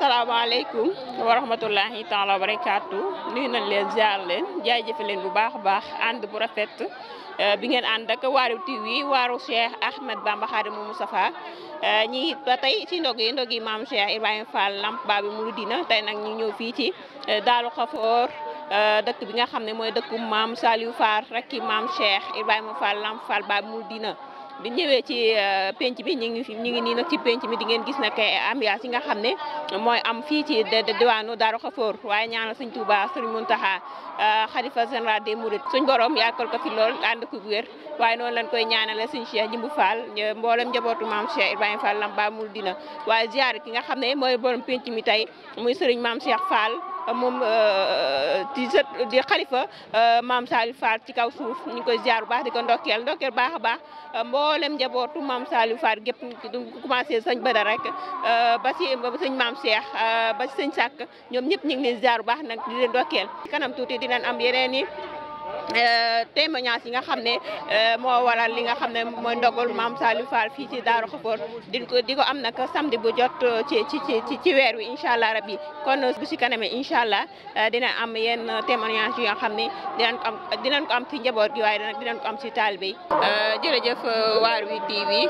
asalaamaaleykum wa rahmatullahi taala wa barakaatu nuyu nañ leen ziar leen jaajëfe leen bu baax a baax ànd bu rafet euh, bi ngeen ànd ak Waarwi TV waaru Cheikh Ahmed Bamba Khadimou Moustapha euh, ñi ba tey ci ndog yi ndog yi maam Cheikh Ibrahima Fall Lamp Baabul Mouridina tey nag ñu ñëw fii ci euh, Daaru Xafoor dëkk bi nga xam ne mooy dëkku maam Saliou Fall rekki maam Cheikh Ibrahima Fall Lamp Fall Baabul Mouridina bi ñëwee ci euh, penc bi ñu ngi fi ñu ngi nii nag ci penc mi di ngeen gis na nag eh, ambiance yi nga xam ne mooy am fii ci waa diwaanu Darou Khafor waaye ñaanal sëñ Touba sëriñ Mountakha euh, xalifa général des Mourides suñ borom yàggal ko fi lool ànd ko wér waaye noonu lañ koy ñaanale suñ Cheikh Jimbu faal mboolem njabootu maam Cheikh Ibrahima Fall Lambaye dina waaye ziar ki nga xam ne mooy borom penc mi tey muy sëriñ maam Cheikh Fall moom euh, di sët di xalifa euh, maam Salif Fall ci kaw suuf ñu koy ziar bu baax di ko ndokkeel ndokkeel baax a baax euh, mboolem njabootu maam Salif Fall gépp du commencé sëñ Bada rek ba si sëñ maam Cheikh ba si sëñ Sàkk ñoom ñëpp ñu ngi leen ziar baax nag di leen ndokkeel kanam tuuti dinañ am yeneen i Euh, témoignage yi nga xam ne euh, moo waral li nga xam ne mooy ndogal maam Saliou fii ci Darou Khafor di ko di ko am nag samedi bu jot euh, ci ci ci ci weer wi incha allah rabi kon bu si kaname incha allah dina am yenn témoignage yi nga xam ne dinañ ko am dinañ ko ci njaboot gi waaye nag dinañ ko am ci taalibe yi. jërëjëf waar wi TV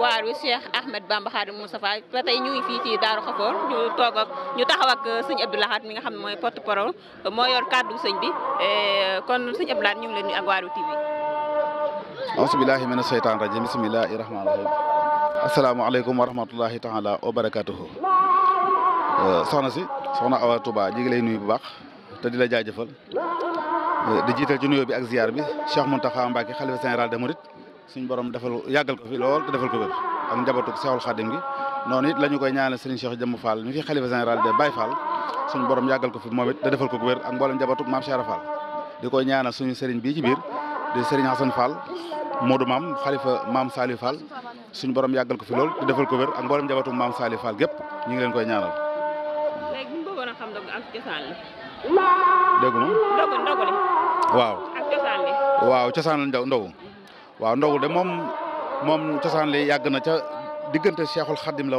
waar wi Cheikh Ahmed Bamba Khadim Moustapha ba tey ñu fii ci Darou Khafor ñu toog ñu taxaw ak sëñ Abdou Lahad mi nga xam ne mooy porte parole moo yor kàddu sëñ bi. kon sëñ Abdou Lahad ñu ngi leen nuyu ak Waarwi TV. auzu billaahi mina seytaani rajiim bismillaahi rahmaani rahiim. asalaamaaleykum wa rahmatullaahi taala wa barakaatuhu. Euh, soxna si soxna Awa Touba ñu ngi lay nuyu bu baax te di la jaajëfal euh, di jiital ci nuyoo bi ak ziar bi Cheikh Mountakha Mbacké xalifa général des mourides suñ borom defal yàggal ko fi lool te defal ko wér ak njabootu Cheikhul Khadim gi noonu it la ñu koy ñaanal Serigne Cheikh Jëmm Fall mi fi xalifa général de borom yàggal ko fi moom it te ko wér ak mboolem njabootu di ko ñaanal suñu sëriñ bii ci biir di sëriñ Hassane Fall moodu maam xalifa maam Saliou Fall suñu borom yàggal ko fi lool di ko wér ak mboolem njabootu maam Saliou Fall ñu ngi leen koy ñaanal. léegi bu ñu bëggoon waaw ak de moom moom cosaan li yàgg na ca diggante Cheikhul Khadim la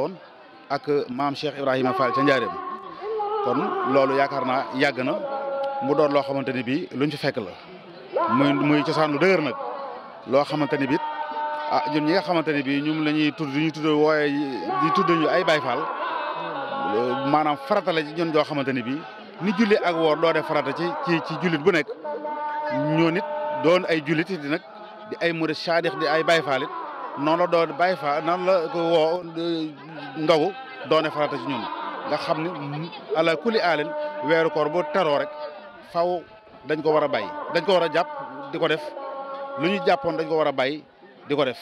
ak maam Cheikh Ibrahima Fall ca Njaareem kon loolu yaakaar naa yàgg na. mu doon loo xamante ni bii luñ fi fekk la muy muy cosaan lu dëgër nag loo xamante ni bii ah, ñun ñi nga xamante ni bii ñoom la ñuy tudd ñu tudd wooye di ñu ay Baay Faal maanaam farata la ci ñun joo xamante ni bii ni julli ak woor doo farata ci ci ci jullit bu nekk ñoo nit doon ay jullit di nag di ay murid saadix di ay Baay Faal it noonu la doon Baay Faal noonu la ko woo ndogu doone farata ci ñun nga xam ne ala kulli aalin weeru bu teroo rek faw dañ ko war a bàyyi dañ ko war a jàpp di ko def lu ñu jàppoon dañ ko war a bàyyi di ko def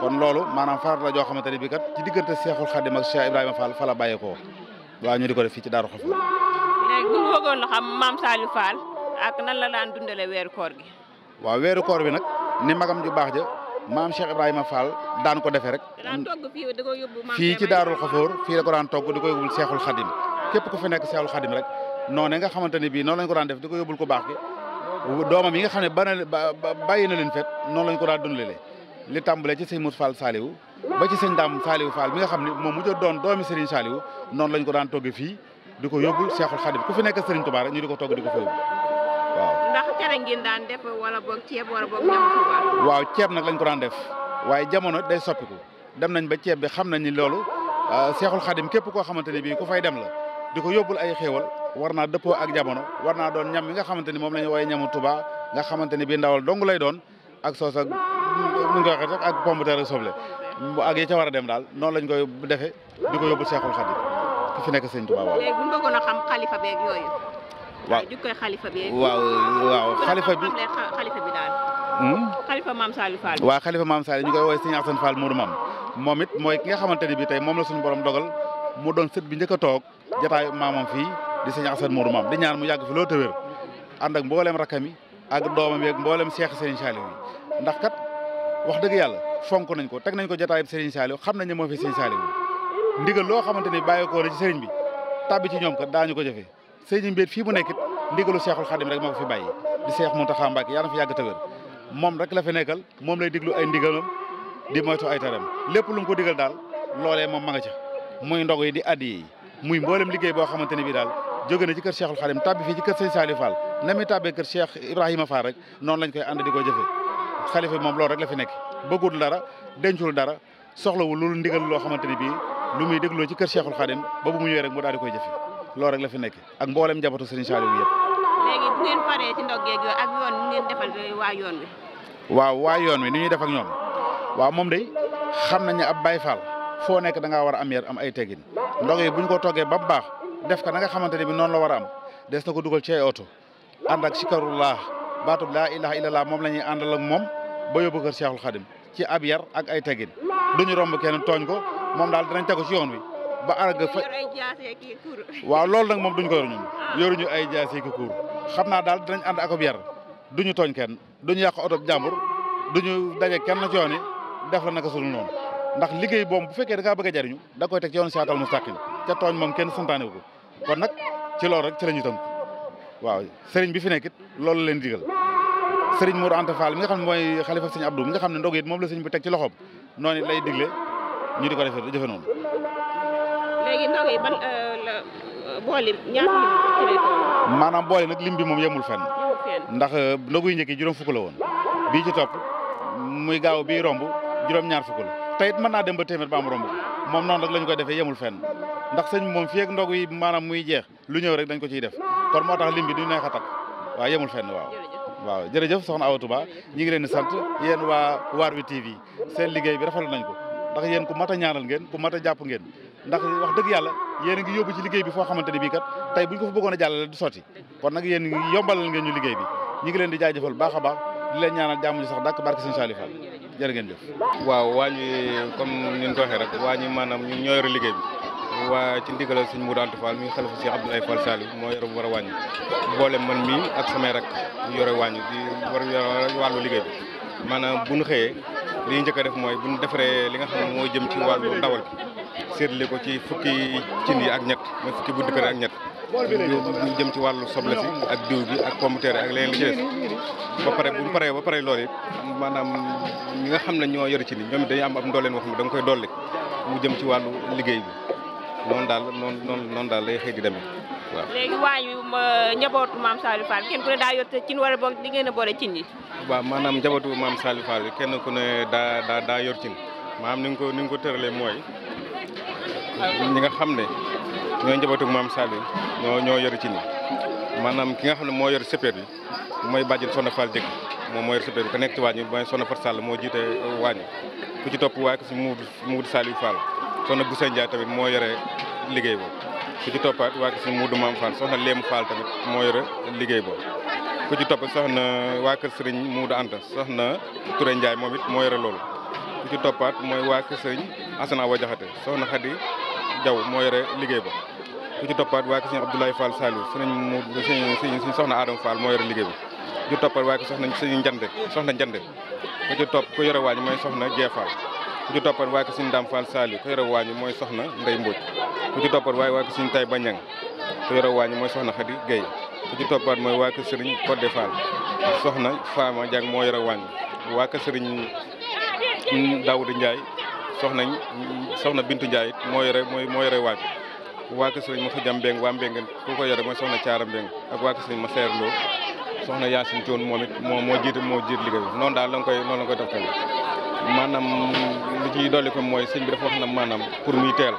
kon loolu maanaam farat la joo xamante ne bi kat ci diggante Seexul Xadim ak Cheikh Ibrahima Fall fa la bàyyeekoo waaw ñu di ko def fii ci Daaru Xafoor. léegi bu ñu bëggoon a xam maam Saliou Fall waaw weeru koor bi nag ni magam ju baax ja maam Cheikh Ibrahima Fall daan ko defee rek. daan togg fii da ko fii ci ko daan togg di ko yóbbul Seexul Xadim képp ku fi nekk Seexul Xadim rek. noonu nga xamante ne bii noon lañ ko daan def di ko yóbbul ku baax gi doomam yi nga xam ne bàyyi na leen fet noon lañ ko daan dundalee li tàmbalee ci sëñ Moussa Fall Saliou ba ci sëñ Dame Saliou Fall mi nga xam ne moom mu jot doon doomi Serigne Saliou noonu lañ ko daan toggee fii di ko yóbbul Cheikhul Khadim ku fi nekk Serigne Touba rek ñu di ko togg di ko fa waaw. ceeb nag lañ ko daan def waaye jamono day soppiku dem nañ ba ceeb bi xam nañ ni loolu euh, Cheikhul Khadim képp koo xamante ne bii ku fay dem la di ko yóbbul ay xéewal war naa dëppoo ak jamono war naa doon ñam yi nga xamante ni moom la ñu wooye ñamu Tuubaa nga xamante ni bii ndawal dong lay doon ak soos ak mu ngi waxee ak pomme de ak soble ak yi ca war a dem daal noonu lañ koy defee di ko yóbbul Seexul Xadiim ki fi nekk sëñ Tuubaa waaw. bu ñu bëggoon a xam xalifa beeg yooyu. waaw jukkooy bi xalifa bi daal. Hmm? xalifa maam Saliou Fall. waaw xalifa maam Saliou ñu koy Mam moom it mooy ki nga xamante ni bii tey moom la suñu borom dogal mu doon sët bi njëkk a toog jataayu maamam fii di sëñ Assane Mourou maam di ñaan mu yàgg fi loo tëwër ànd ak mbooleem rakkam yi ak doomam yeeg mbooleem seex Serigne Saliou yi ndax kat wax dëgg yàlla fonk nañ ko teg nañ ko jataayub Serigne Saliou xam na ne moo fi Serigne Saliou ndigal loo xamante ni bàyyi ko na ci sëriñ bi tàbbi ci ñoom kat daañu ko jafe sëriñ bi fii mu nekkit ndigalu seexul xadim rek moo ko fi bay di seex Mountakha Mbacké yàlla na fi yàgg tëwër moom rek la fi nekkal moom lay diglu ay ndigalam di moytu ay taram lépp lu mu ko digal daal loolee moom ma nga ca muy ndog yi di addi yi muy mboolem liggéey boo xamante ne bii daal jóge na ci kër Cheikhul Khadim tàbbi fii ci kër Sëñ Saliou Fall na muy tàbbee kër Cheikh Ibrahima rek noonu lañ koy ànd di ko jëfe xalifa bi moom loolu rek la fi nekk bëggul dara dencul dara soxlawul loolu ndigal loo xamante ne bii lu muy dégloo ci kër Cheikhul Khadim ba bu mu ñëwee rek mu daal di koy jëfe loolu rek la fi nekk ak mboolem njabootu Sëñ Saliou yëpp. léegi bu ngeen paree ci ndog yeeg ak yoon bi ngeen defal waaw waa yoon wi ni ñuy def ak ñoom waaw moom day xam nañ ne ab Baye foo nekk da war a am yar am ay tegin ndog yi bu ñu ko toogee ba mu baax def ko na nga xamante ne bi noonu la war am des na ko dugal ci ay oto ànd ak sikarullah baatub laa ilaha illallah moom la ñuy àndal ak moom ba yóbbu kër Seexul Xadim ci ab yar ak ay tegin duñu romb kenn tooñ ko moom daal dinañ tegu ci yoon wi ba arag fa loolu nag moom duñ ko yor ñun ah. ay jaasee ki kuur xam naa daal dinañ ànd ak ab yar duñu tooñ kenn duñu yàq oto jàmbur duñu daje kenn ci yoon yi def la naka sunu noonu ndax liggéey boobu bu fekkee da ngaa bëgg a jariñu da koy teg ci yoon siraatal mustaqim ca tooñ moom kenn santaane wu kon nag ci loolu rek ci la ñu tënk waaw sëriñ bi fi nekkit loolu leen digal sëriñ Mourou Anta mi nga xam ne mooy xalifa sëñ Abdou mi nga xam ne ndog it moom la sëñ bi teg ci loxoom lay digle ñu di ko defee jëfe noonu. léegi ndog euh, euh, maanaam boole nag lim bi moom yemul fan ndax euh, ndogu yu njëkk yi juróom fukk la woon bii ci topp muy gaaw bi romb juróom ñaar fukk te it mën naa dem ba téeméer ba am romb moom noonu rek lañ koy defee yemul fenn ndax sëñ bi moom fii ndog yi maanaam muy jeex lu ñëw rek dañ ko ciy def kon moo tax lim bi duñ neex a takk waaw yemul fenn waaw waaw jërëjëf soxna Awa Touba ñi ngi leen sant yéen waa waar wi TV seen liggéey bi rafetlu nañ ko ndax yéen ku mat a ñaanal ngeen ku mat a jàpp ngeen ndax wax dëgg yàlla yéen a ngi yóbbu ci liggéey bi foo xamante ne bii kat tey buñ ko fa bëggoon a jàllale du sotti kon nag yéen ngi ñu ngi leen di jaajëfal baax a baax di leen ñaanal jàmm ji sax dàkk barke jërë ngeen jëf. waaw waañ ñi comme ni ñu ko waxee rek waa ñi maanaam ñun ñoo yore liggéey bi waa ci ndigalal sëñ Mourou Anta Fall mi xalifa si Abdoulaye Fall Saliou moo yore war a wàññi boole man mii ak samay rek ñu yore wàññi di war a wàllu liggéey bi maanaam bu ñu xëyee li ñu def mooy bu ñu defaree li nga xam ne moo jëm ci wàllu ndawal bi seetli ko ci fukki cin yi ak ñett mooy fukki bu kër ak ñett. ñu jëm ci wàllu soble si ak diw bi ak pomme de ak leneen li ci des ba pare bu mu paree ba pare loolu it maanaam ñi nga xam ne ñoo yor ci ni ñoom it dañuy am ab wax ne da nga koy dolli mu jëm ci wàllu bi noonu daal noonu noonu noonu daal lay xëy di demee waaw. léegi waa ñu njabootu maam Saliou Fall kenn ku ne daa yor cin wala boog di ngeen a boole cin yi. maam kenn ku ne daa daa daa yor cin maanaam ni nga ko ni nga ko tëralee mooy ñi nga xam ne. ñoo njabootug maam Saliou ñoo ñoo yor ci maanaam ki nga xam ne moo yor sëppéer bi mooy bàjjen Soxna Fall Jëgg moom mooy yor sëppéer bi ku nekk waañ bi mooy Soxna Fat Sall moo jiite euh, waañ ku ci topp waaye ko si Muudu Saliou Fall Soxna Boussa Ndiaye tamit moo yore liggéey boobu ku ci toppaat waa si Muudu Maam Fall Soxna Léem Fall tamit moo yore liggéey boobu ku ci topp soxna waa kër Sëriñ Muudu Anta soxna Touré Ndiaye moom it moo yore loolu ku ci toppaat mooy waa kër Sëriñ Asana Awa Jaxate soxna Xadi Diaw moo yore liggéey ba ku ci toppaat waa ko sëñ Abdoulaye Fall Saliou sëñ mu sëñ sëñ soxna Adama Fall moo yore liggéey bi ku ci toppaat waa ko soxna sëñ Njande soxna Njande ku ci topp ku yore waañ mooy soxna Jee Fall ku ci toppaat waa ko sëñ Dame Fall Saliou ku yore waañ mooy soxna Ndey Mbodj ku ci toppaat waa waa ko sëñ Tay Bañang ku yore waañ mooy soxna Xadi Guèye ku ci toppaat mooy waa ko sëriñ Codé Fall soxna Fama Diang moo yore waañ waa ko sëriñ Daouda Ndiaye soxna soxna Bintu Ndiaye moo yore mooy moo yore waaj waa kër sëriñ Moussa Diam Mbeng waa Mbeng ku ko yore mooy soxna Caara Mbeng ak waa kër sëriñ ma seer loo soxna Yaasin Coon moom it moo moo jiite moo jiit liggéey bi noonu daal la nga koy noonu la nga koy maanaam li ciy dolli ko mooy sëñ bi dafa na maanaam pour muy teel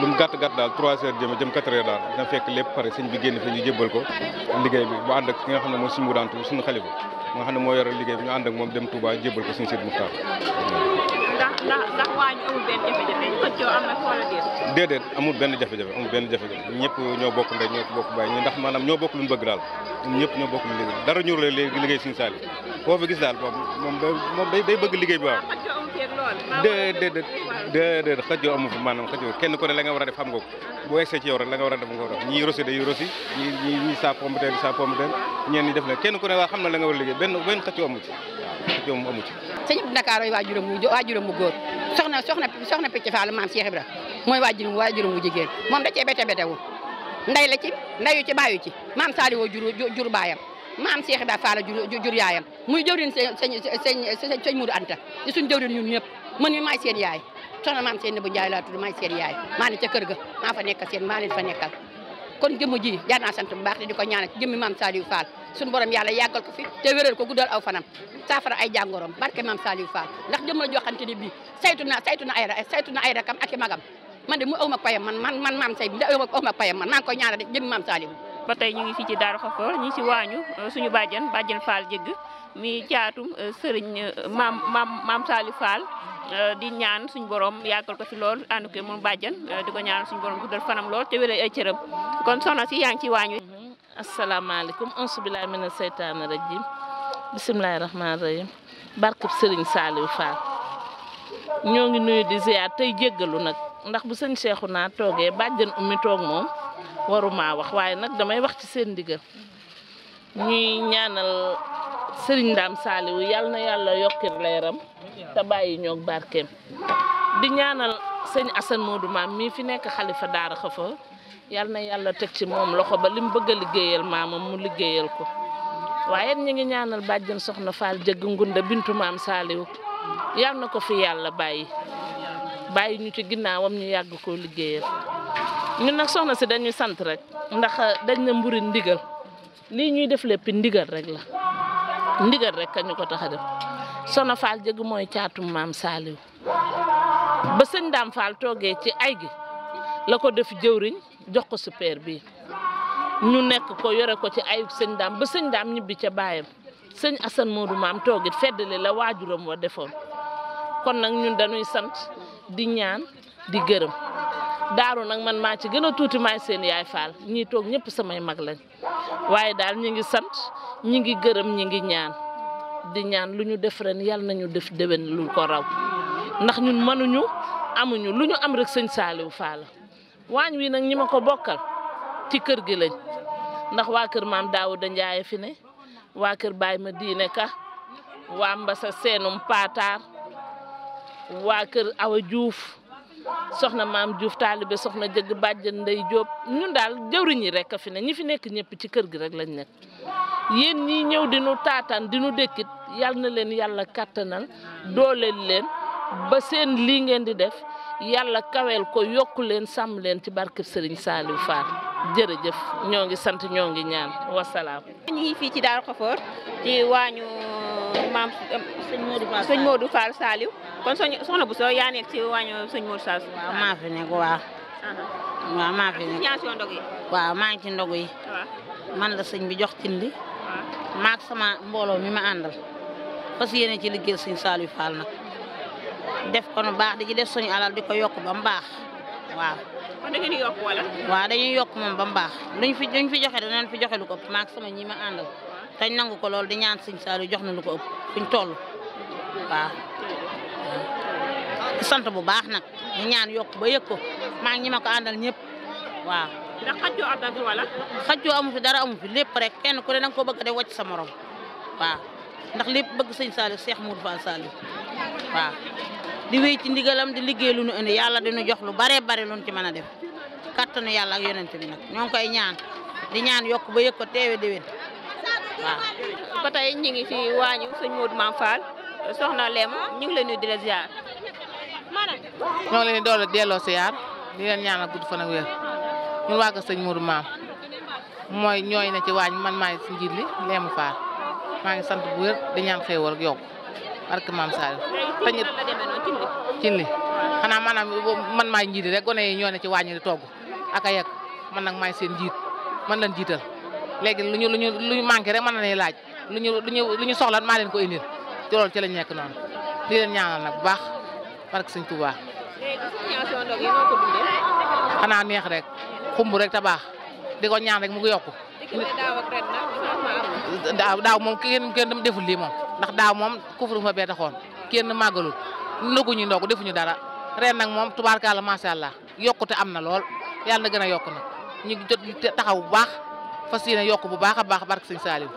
lu mu gàtt gàtt daal 3 heures jëm jëm fekk lépp pare génn fi ñu jébbal ko liggéey bi bu ànd xam ne mooy suñu wudantu suñu xalifa nga xam moo yore liggéey bi ñu ànd ak moom dem Touba jébbal ko suñu Sidi Muxtaar ndax ndax waa ñu benn jafe-jafe xëccoo am na foola déet. déedéet benn jafe-jafe amul ñoo bokk ndey ñoo bokk bàyyi ndax maanaam ñoo bokk lu ñu bëgg daal ñëpp ñoo bokk liggéey dara ñuur la léegi liggéey suñu saali foo fi gis daal moom moom day day bëgg liggéey bu baax déedéet déedéet xëjoo amu fi maanaam xëjoo kenn ku ne la nga war a def xam ko boo egsee ci yow la nga war a def nga war a ñii rosi day rosi ñii ñii saa pompeteer saa pompeteer ñeen ñi def na kenn ku ne waa xam na la nga war a liggéey benn benn xëjoo amu ci waaw xëjoo moom amu ci sëñ bi Dakar ay waajuram mu waajuram mu góor soxna soxna soxna picc Fall maam Cheikh Ibra mooy waajuram waajuram mu jigéen moom da cee bete bete nday la ci ndayu ci baayu ci maam Saliou jur jur baayam maam Cheikh Ibrahima Fall jur jur yaayam muy jëwriñ sëñ sëñ sëñ Mourou Anta di suñ jëwriñ nu ñëpp man mi maay seen yaay soxna maam seen bu jaay laa tudd maay seen yaay maa ne ca kër ga maa fa nekkal seen maa leen fa nekka kon jëmm ji jaar naa sant bu baax te di ko ñaanal ci jëmmi maam Saliou Fall suñu borom yàlla yàggal ko fi te wéral ko guddal aw fanam saafara ay jàngoroom barke maam Saliou Fall ndax jëmm la joo xamante ne saytu na saytu na ay saytu na ay rakam ak i magam man de mu aw ma payam man man man maam say bi da aw ma payam man maa ngi koy de jëm maam Saliou ba tey ñu ngi fii ci Darou Khafor ñi si waañu euh, suñu bàjjen bàjjen Fall jëgg mi caatum euh, sëriñ euh, maam maam maam Saliou Fall di ñaan suñu borom yàggal ko lool ànd ko di ko ñaan suñu borom guddal fanam lool te wér ay cëram kon soxna si yaa ngi ci waañu asalaamaaleykum ansu billahi mina seytaani rajim bisimilahi rahmaani rahim barkab sëriñ saali Fall ñoo ngi nuyu di ziar tey jéggalu nag ndax bu sëñ seexu naa toogee bàjjen ummi toog moom waruma wax waaye nag damay wax ci seen ndigal ñuy ñaanal sëriñ Ndaam Saaliwu yal na yàlla yokkir leeram te bàyyi ñoog barkeem di ñaanal sëñ Assane Modou maam mii fi nekk xalifa daara xafa yal na yàlla teg ci moom loxo ba li mu bëgg liggéeyal maamam mu liggéeyal ko waaye ñu ngi ñaanal bàjjen soxna Fall jëgg ngunda bintu maam Saaliwu yal ko fi yàlla bàyyi bàyyi ñu ci ginnaawam ñu yàgg koo liggéeyal ñun nag soxna si dañuy sant rek ndax dañ na mburi ndigal lii ñuy def lépp ndigal rek la ndigal rek ka ñu ko tax a def soxna Fall jëgg mooy caatum maam Saaliw ba sëñ Daam Fall toogee ci ay gi la ko def jëwriñ jox ko super bi ñu nekk ko yore ko ci ay sëñ Daam ba sëñ Daam ñibbi ca baayam sëñ Assane Modou maam toogit feddali la waajuram wa defoon kon nag ñun dañuy sant di ñaan di gërëm daaru nag man maa ci gën a tuuti maay seen yaay faal ñii toog ñëpp samay mag lañ waaye daal ñi ngi sant ñi ngi gërëm ñi ngi ñaan di ñaan lu ñu def ren yàlla nañu def déwén lu ko raw ndax ñun mënuñu amuñu lu ñu am rek sëñ Saaliw Faal waañ wi nag ñi ma ko bokkal ci kër gi lañ ndax waa kër maam da Njaaye fi ne waa kër Baay ma diine ka waa Mbasa seenum paataar waa kër Awa juuf soxna maam Diouf taalibe soxna jëgg bàjjen nday jóob ñun daal jëwriñ yi rek a fi ñi fi nekk ñëpp ci kër gi rek lañ nekk yéen ñii ñëw dinu taatan taataan di nu dëkkit yal na leen yàlla kàttanal dooleel leen ba seen lii ngeen di def yàlla kaweel ko yokk leen sàmm leen ci barkeb Serigne Saliou Fall jërëjëf ñoo ngi sant ñoo ngi ñaan wasalaam. ñi fii ci Darou Khafor ci waañu maam eh, sëñ Modou Fall Saliou kon soxna bu soo yaa nekk ci wàññi sëñ Modou Fall waaw maa fi nekk waaw uh-huh. waaw maa fi nekk waaw maa ngi ci ndogu uh-huh. man la sëñ bi jox cindi uh-huh. maak sama mbooloo mi ma àndal fas yéene ci liggéey sëñ Saliou Fall nag def ko nu baax di ci def suñu alal di ko yokk ba mu baax waaw kon da ngeen yokk moom ba mu baax luñ fi luñ fi joxe danañ fi joxe lu ko maak sama ñi ma àndal tañ nangu ko loolu di ñaan sëñ Saliou jox na lu ko ëpp fuñ toll waaw sant bu baax nag ñu ñaan yokk ba yëg ko maa ngi ñi ma ko àndal ñëpp waaw ndax xajjoo am amu fi dara amu fi lépp rek kenn ku ne danga ko bëgg de wacc sa morom waaw ndax lépp bëgg sëñ Saliou Seex Mourou Fall Saliou waaw di wéy ci ndigalam di liggéey lu nu indi yàlla nu jox lu bare bare lu nu ci mën a def kattanu yàlla ak yonent bi nag ñoo ngi koy ñaan di ñaan yokk ba yëg ko teewe déwén waaw ba tey ñu ngi ci waañu sëñ Modou Mame Fall soxna Lem ñu ngi leen nuyu di la ziar. leen di doole delloo ziar di leen ñaanal gudd fan ak wér ñun waa ko sëñ Modou Mame mooy ñooy na ci waañ man maay si njiit li Lem Fall maa ngi sant bu di ñaan xéewal ak yokk li xanaa maanaam man maay njiit rek gone yi ñoo ne ci waañ di togg ak a man nag maay seen njiit man lan jiital. léegi lu ñu lu ñu lu ñu manqué rek mën na lay laaj lu ñu lu ñu lu ñu soxla maa leen ko indil ci loolu ci lañ nekk noonu di leen ñaanal nag bu baax barke Sëñ Tuubaa. xanaa neex rek xumb rek te baax di ko ñaan rek mu ngi yokku. daaw daaw moom kenn kenn deful lii moom ndax daaw moom kufru fa betaxoon kenn màggalul ndoguñu ndog defuñu dara ren nag moom tubaar tubaarkalla macha allah yokkute am na lool yàlla na gën a yokk nag ñu jot taxaw baax. fas yéene yokk bu baax baax barke sëñ Saaliw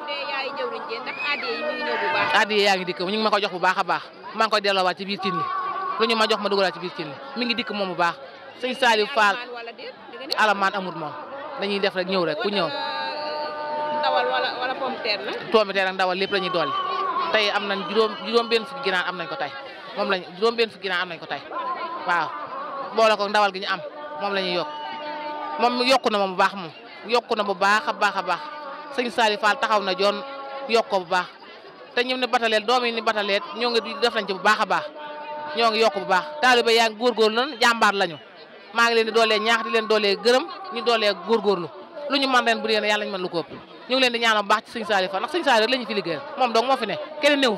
addiya yaa ngi dikk ñu ngi ma jox bu baax a baax maa ngi koy delloowaat ci biir cin li lu ñu ma jox ma dugalaat ci biir cin li mu ngi dikk moom bu baax sëñ Saaliw Faal alamaan amul moom dañuy def rek ñëw rek ku ñëw uh, ndawal wala wala pomme lépp la ñuy dolli tey am nañ juróom juróom benn am nañ ko tey moom lañ juróom benn fukki ginaar am nañ ko tey waaw boole ndawal gi ñu am moom la ñuy yokk moom yokku na moom bu baax moom yokku na bu baax a baax a baax sëñ saali Fall taxaw na joon yokk ko bu baax te ñim ne bataleet doom yi ni bataleet ñoo ngi def nañ ci bu baax a baax ñoo ngi yokk bubaax baax taaliba yaa ngi góor nan jàmbaar lañu maa ngi leen di doolee ñaax di leen doolee gërëm ñu doolee góorgóorlu lu ñu man ren bu dee yàlla ñu mën lu ko ëpp ñu ngi leen di ñaan bu baax ci sëñ Saliou Fall ndax sëñ Saliou lañu fi liggéeyal moom dong moo fi ne kenn néew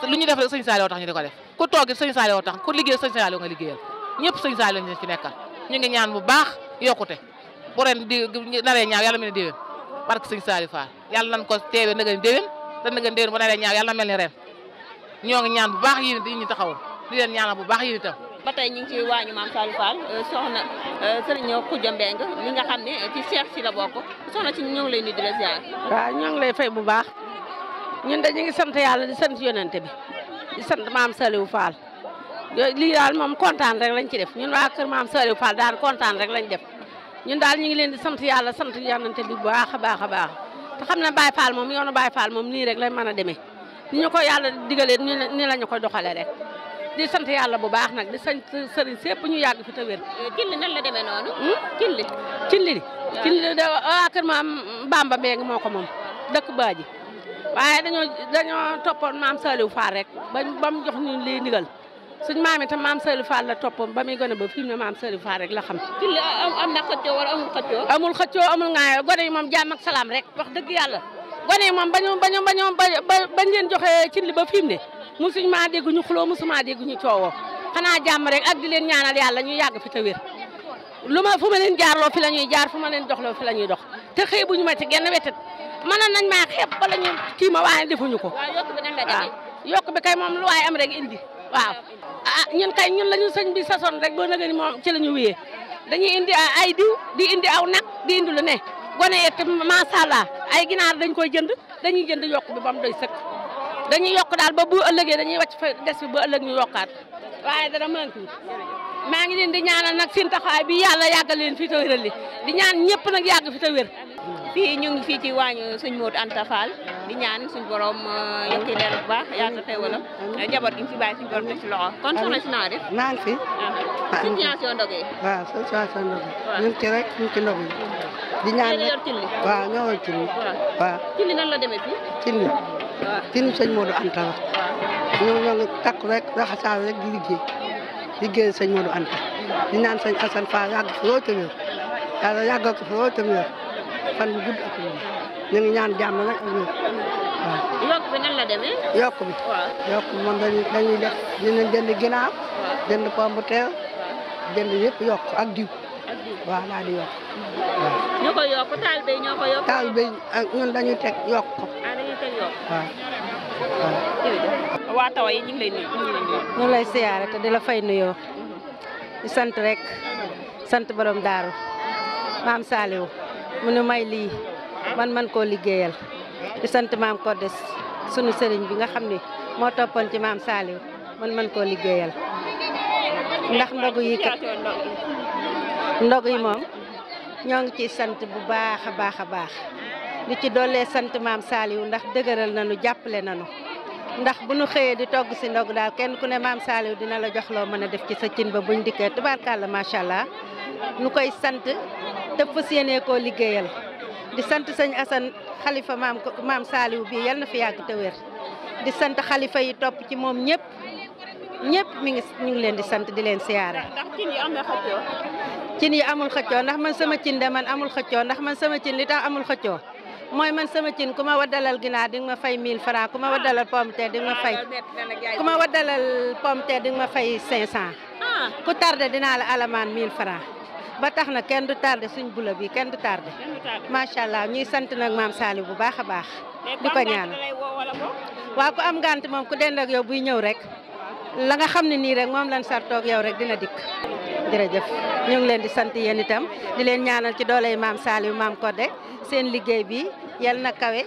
fi lu ñu def rek sëñ Saliou tax ko def ku toog it sëñ Saliou tax ku liggéey sëñ Saliou nga liggéeyal ñëpp sëñ Saliou lañ ci nekkal ñu ngi ñaan bu baax yokkute bu ren di naree ñaaw yàlla mel ni déwén barke sëñ Saliou Fall yàlla ko teewee na ngeen na ngeen bu naree ñaaw yàlla na mel ni ren ñoo ngi ñaan bu baax yéen it ñu taxawal di leen ñaanal bu baax yéen itam ba tey ñu ngi ci waañu maam Saliou Fall euh, soxna euh, Serigne Khoudia Mbengue mi nga xam ne ci Cheikh si la bokk soxna si ñoo ngi di la ziar. waaw ñoo ngi lay fay bu baax ñun de ñu ngi sant yàlla di sant yonente bi di sant maam Saliou Fall lii daal moom kontaan rek lañ ci def ñun waa kër maam Saliou Fall daal kontaan rek lañ def ñun daal ñu ngi leen di sant yàlla sant yonante bi baax a baax a baax te xam ne Baye Fall moom yoonu Baye Fall moom nii rek la mën a demee ni ñu ko yàlla digalee nii la ñu ko doxalee rek di sant yàlla bu baax nag di sant sëriñ sépp ñu yàgg fi te wér. Cilli eh, nan la demee noonu. Cilli. Hmm? Cilli Cilli de waa kër maam ba Mbengue moo ko moom dëkk Baaji waaye dañoo dañoo toppoon maam Saliou Fall rek ba mu jox ñu lii ndigal. suñ maam itam maam Saliou Fall la toppoon ba muy gën ba fii mu ne maam Saliou Fall rek la xam. ci li am na xëccoo wala amul xëccoo. amul xëccoo gone yi moom jàmm ak salaam rek wax dëgg yàlla gone yi moom ba ñu ba ñu ba ñu bañ leen joxee ci li ba fii mu ne maa dégg ñu xuloo mosu maa dégg ñu coowoo xanaa jàmm rek ak di leen ñaanal yàlla ñu yàgg fi ta wér lu ma fu ma leen jaarloo fi la ñuy jaar fu ma leen doxloo fi la ñuy dox te xëy bu ñu ma ci genn wetet mënoon nañ maa xeeb bala ñu kii ma waaye ñu ko. waaw yokk bi kay moom indi waaw ah ñun kay ñun la ñu sëñ bi sason rek boo nagani moom ci la ñu wéyee dañuy indi ay diw di indi aw nag di indi lu ne gone it macha allah ay ginaar dañ koy jënd dañuy jënd yokk bi ba mu doy sëkk dañuy yokk daal ba bu ëllëgee dañuy wàcc fa des bi ba ëllëg ñu yokkaat waaye dara manqué maa ngi leen di ñaanal nag seen taxawaay bi yàlla yàggal leen fi te wéral di ñaan ñëpp nag yàgg fi te wér fii ñu ngi fii ci waañu sañ Modou Anta Fall di ñaan suñ borom euh, yokki leer bu baax yaata xéwalam jaboot gi ñu fi suñ borom teg ci loxo kon soxna si naa naa ah, ngi fi situation ndogu yi ci ci di ñaan yor cilli waaw ñoo yor cilli waaw cilli nan la demee fii cilli cilli sëñ di liggéey liggéey sëñ Modou ñaan sëñ Assane Fall yàgg fi lool tamit yàlla yàggal ko fi lool fan yu gudd ak wér ñu ngi ñaan jàmm nag ak wér waaw. yokk bi nan la demee. yokk bi yokk moom dañuy dañuy def dinañ jënd ginaar. jënd pomme de yokk ak diw. ak diw di yokk waaw. ñu ko yokk taalibe te di la fay nuyoo di sant rek sant borom daaru maam Saliou mu nu may lii man man koo liggéeyal di sant maam des sunu sëriñ bi nga xam ni moo toppoon ci maam saaliw man man koo liggéeyal ndax ndogu yi kat ndogu yi moom ñoo ngi ciy sant bu baax a baax a baax li ci doolee sant maam Saliou ndax dëgëral nañu jàppale nañu ndax bu nu xëyee di togg si ndog daal kenn ku ne maam Saliou dina la jox loo mën a def ci sa cin ba ñu dikkee tubaarkàlla macha allah ñu koy sant te fas yéenee koo liggéeyal di sant sëñ Assane xalifa maam maam Saliou bii yal na fi yàgg te wér di sant xalifa yi topp ci moom ñëpp ñëpp mu ngi ñu ngi leen di sant di leen siyaare. ndax cin yi am amul xëccoo ndax man sama cin de man amul xëccoo ndax man sama cin li tax amul xëccoo mooy man sama cin ku ma waddalal ginaar di nga ma fay 1000 francs ku ma waddalal pomme terre di nga ma fay. ku ma fay 500. Ah. ku tardé dinaa la alamaan 1000 francs ba tax na kenn du tardé suñ bula bi kenn du tardé. macha allah ñuy sant nag maam Saliou bu baax a baax. di ko ñaanal waa ku am ngant moom ku dend ak buy ñëw rek. la nga xam ne nii rek moom lan sartoog yow rek dina dikk. jërëjëf ñu ngi leen di sant yéen itam di leen ñaanal ci dooley maam Saliou maam Codé seen liggéey bi yal na kawe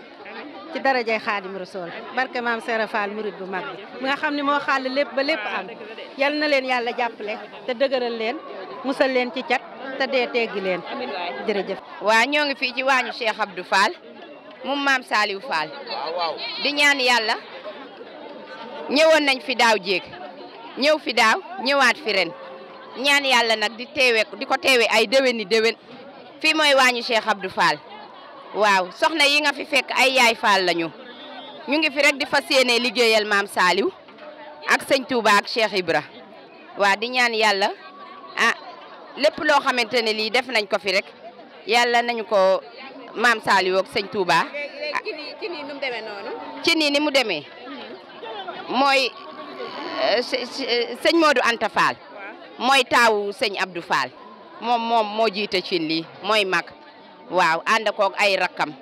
ci darajay Xaadim Rasuul barke maam Sera Fall murid bu mag bi mi nga xam ne moo xàll lépp ba lépp am yal na leen yàlla jàppale te leen musal leen ci cat. te gi teggi leen jërëjëf waaw ñoo ngi fii ci waañu Cheikh Abdou Fall moom maam Saliou Fall di ñaan yàlla ñëwoon nañ fi daaw jéeg ñëw fi daaw ñëwaat fi ren ñaan yàlla nag di teewee di ko teewee ay déwéni déwén fii mooy waañu Cheikh Abdou Fall waaw soxna yi nga fi fekk ay yaay Fall lañu ñu ngi fi rek di fas yéene liggéeyal maam saaliw ak sëñ Touba ak Cheikh Ibra waa di ñaan yàlla ah lépp loo xamante ne lii def nañ ko fi rek yàlla nañu ko maam Saliou ak sëñ ci nii ni mu demee noonu. ci nii ni mooy euh, sëñ Modou Anta Fall. mooy taawu sëñ Abdou Fall moom moom moo jiite ci lii mooy mag waaw ànd koog ay rakkam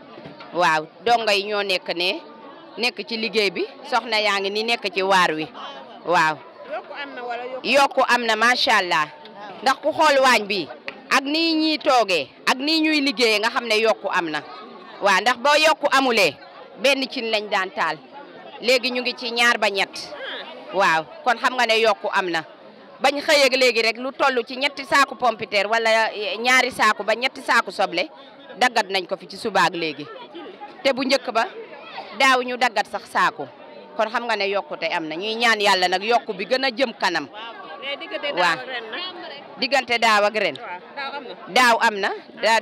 waaw donga yi ñoo nekk ne nekk ci liggéey bi soxna yaa ngi ni nekk ci waar wi waaw. yokk am na wala allah. ndax ku xool waañ bi ak nii ñii toogee ak nii ñuy liggéeyee nga xam ne yokku am na waaw ndax boo yokku amulee benn cin lañ daan taal léegi ñu ngi ci ñaar ba ñett waaw kon xam nga ne yokku am na bañ xëyeeg léegi rek lu toll ci ñetti saaku pompiteer wala eh, ñaari saaku ba ñetti saaku soble daggat nañ ko fi ci subaak léegi te bu njëkk ba daaw ñu daggat sax saaku kon xam nga ne yokkute am na ñuy ñaan yàlla nag yokku bi gën a jëm kanam waa diggante daaw ak ren daaw am na